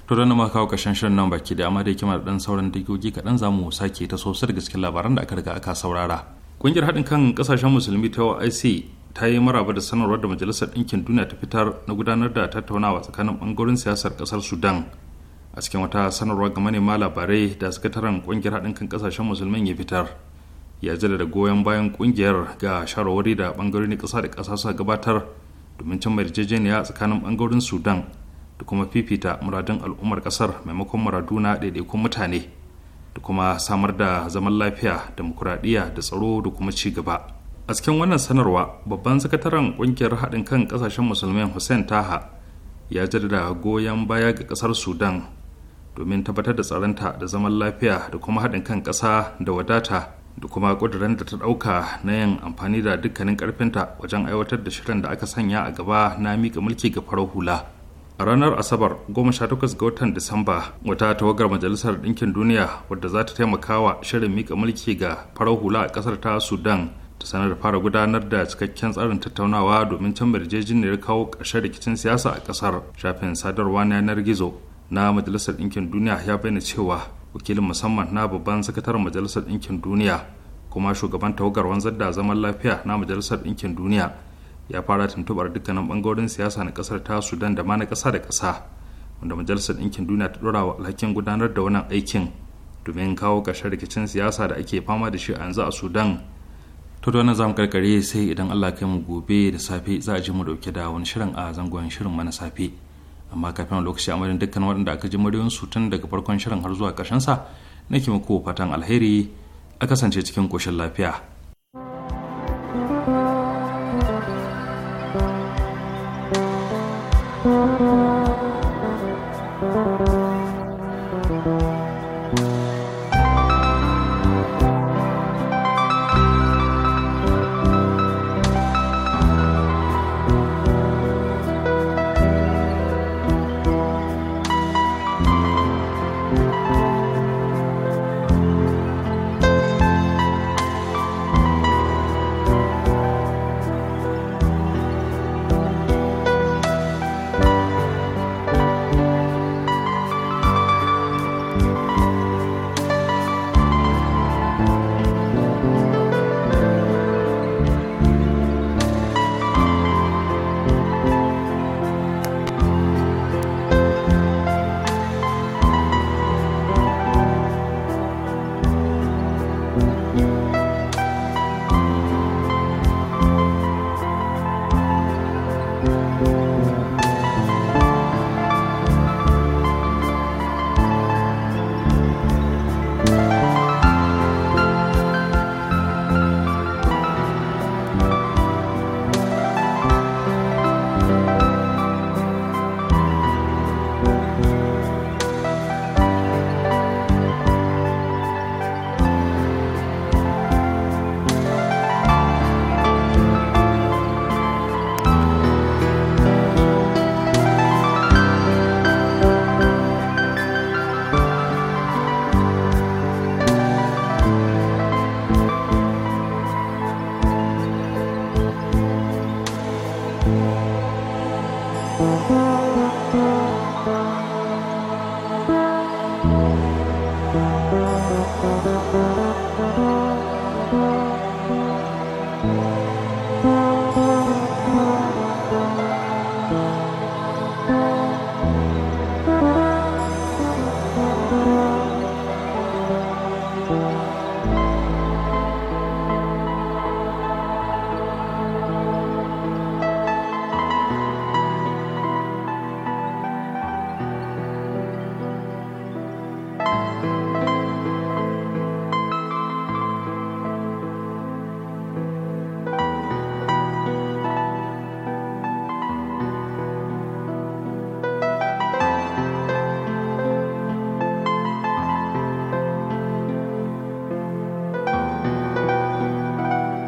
To don ma kawo kashin shirin nan baki da amma da yake da dan sauran dagogi kaɗan za mu sake ta so da gaske labaran da aka riga aka saurara. Kungiyar haɗin kan kasashen musulmi ta OIC ta yi maraba da sanarwar da Majalisar Ɗinkin Duniya ta fitar na gudanar da tattaunawa tsakanin ɓangaren siyasar kasar Sudan a cikin wata sanarwa ga manema labarai da sakataren kungiyar haɗin kan ƙasashen musulmin ya fitar ya da goyon bayan kungiyar ga shawarwari da ɓangarorin kasa da ƙasa suka gabatar domin cin yarjejeniya tsakanin ɓangarorin sudan da kuma fifita muradun al'ummar ƙasar maimakon muraduna na ɗaiɗaikun mutane da kuma samar da zaman lafiya dimokuraɗiyya da tsaro da kuma ci gaba a cikin wannan sanarwa babban sakataren kungiyar haɗin kan kasashen musulmin hussein taha ya jaddada goyon baya ga ƙasar sudan domin tabbatar da tsaronta da zaman lafiya da kuma haɗin kan ƙasa da wadata da kuma ƙudurin da ta ɗauka na yin amfani da dukkanin ƙarfinta wajen aiwatar da shirin da aka sanya a gaba na miƙa mulki ga farar hula a ranar asabar 18 ga watan disamba wata tawagar majalisar ɗinkin duniya wadda za ta taimaka wa shirin mika mulki ga farar hula a ƙasar ta sudan ta sanar da fara gudanar da cikakken tsarin tattaunawa domin canza yarjejeniyar kawo ƙarshen rikicin siyasa a ƙasar shafin sadarwa na yanar gizo na majalisar ɗinkin duniya ya bayyana cewa wakilin musamman na babban sakataren majalisar ɗinkin duniya kuma shugaban tawagar wanzar da zaman lafiya na majalisar ɗinkin duniya ya fara tuntubar dukkanin bangarorin siyasa na kasar ta sudan da ma na kasa da kasa wanda majalisar ɗinkin duniya ta ɗora wa alhakin gudanar da wannan aikin domin kawo ƙarshen rikicin siyasa da ake fama da shi a yanzu a sudan to da za mu karkare sai idan allah kai mu gobe da safe za a ji mu dauke da wani shirin a zangon shirin mana safe amma kafin lokaci amarin dukkan waɗanda aka ji muryoyin su tun daga farkon shirin har zuwa ƙarshen sa nake muku fatan alheri a kasance cikin koshin lafiya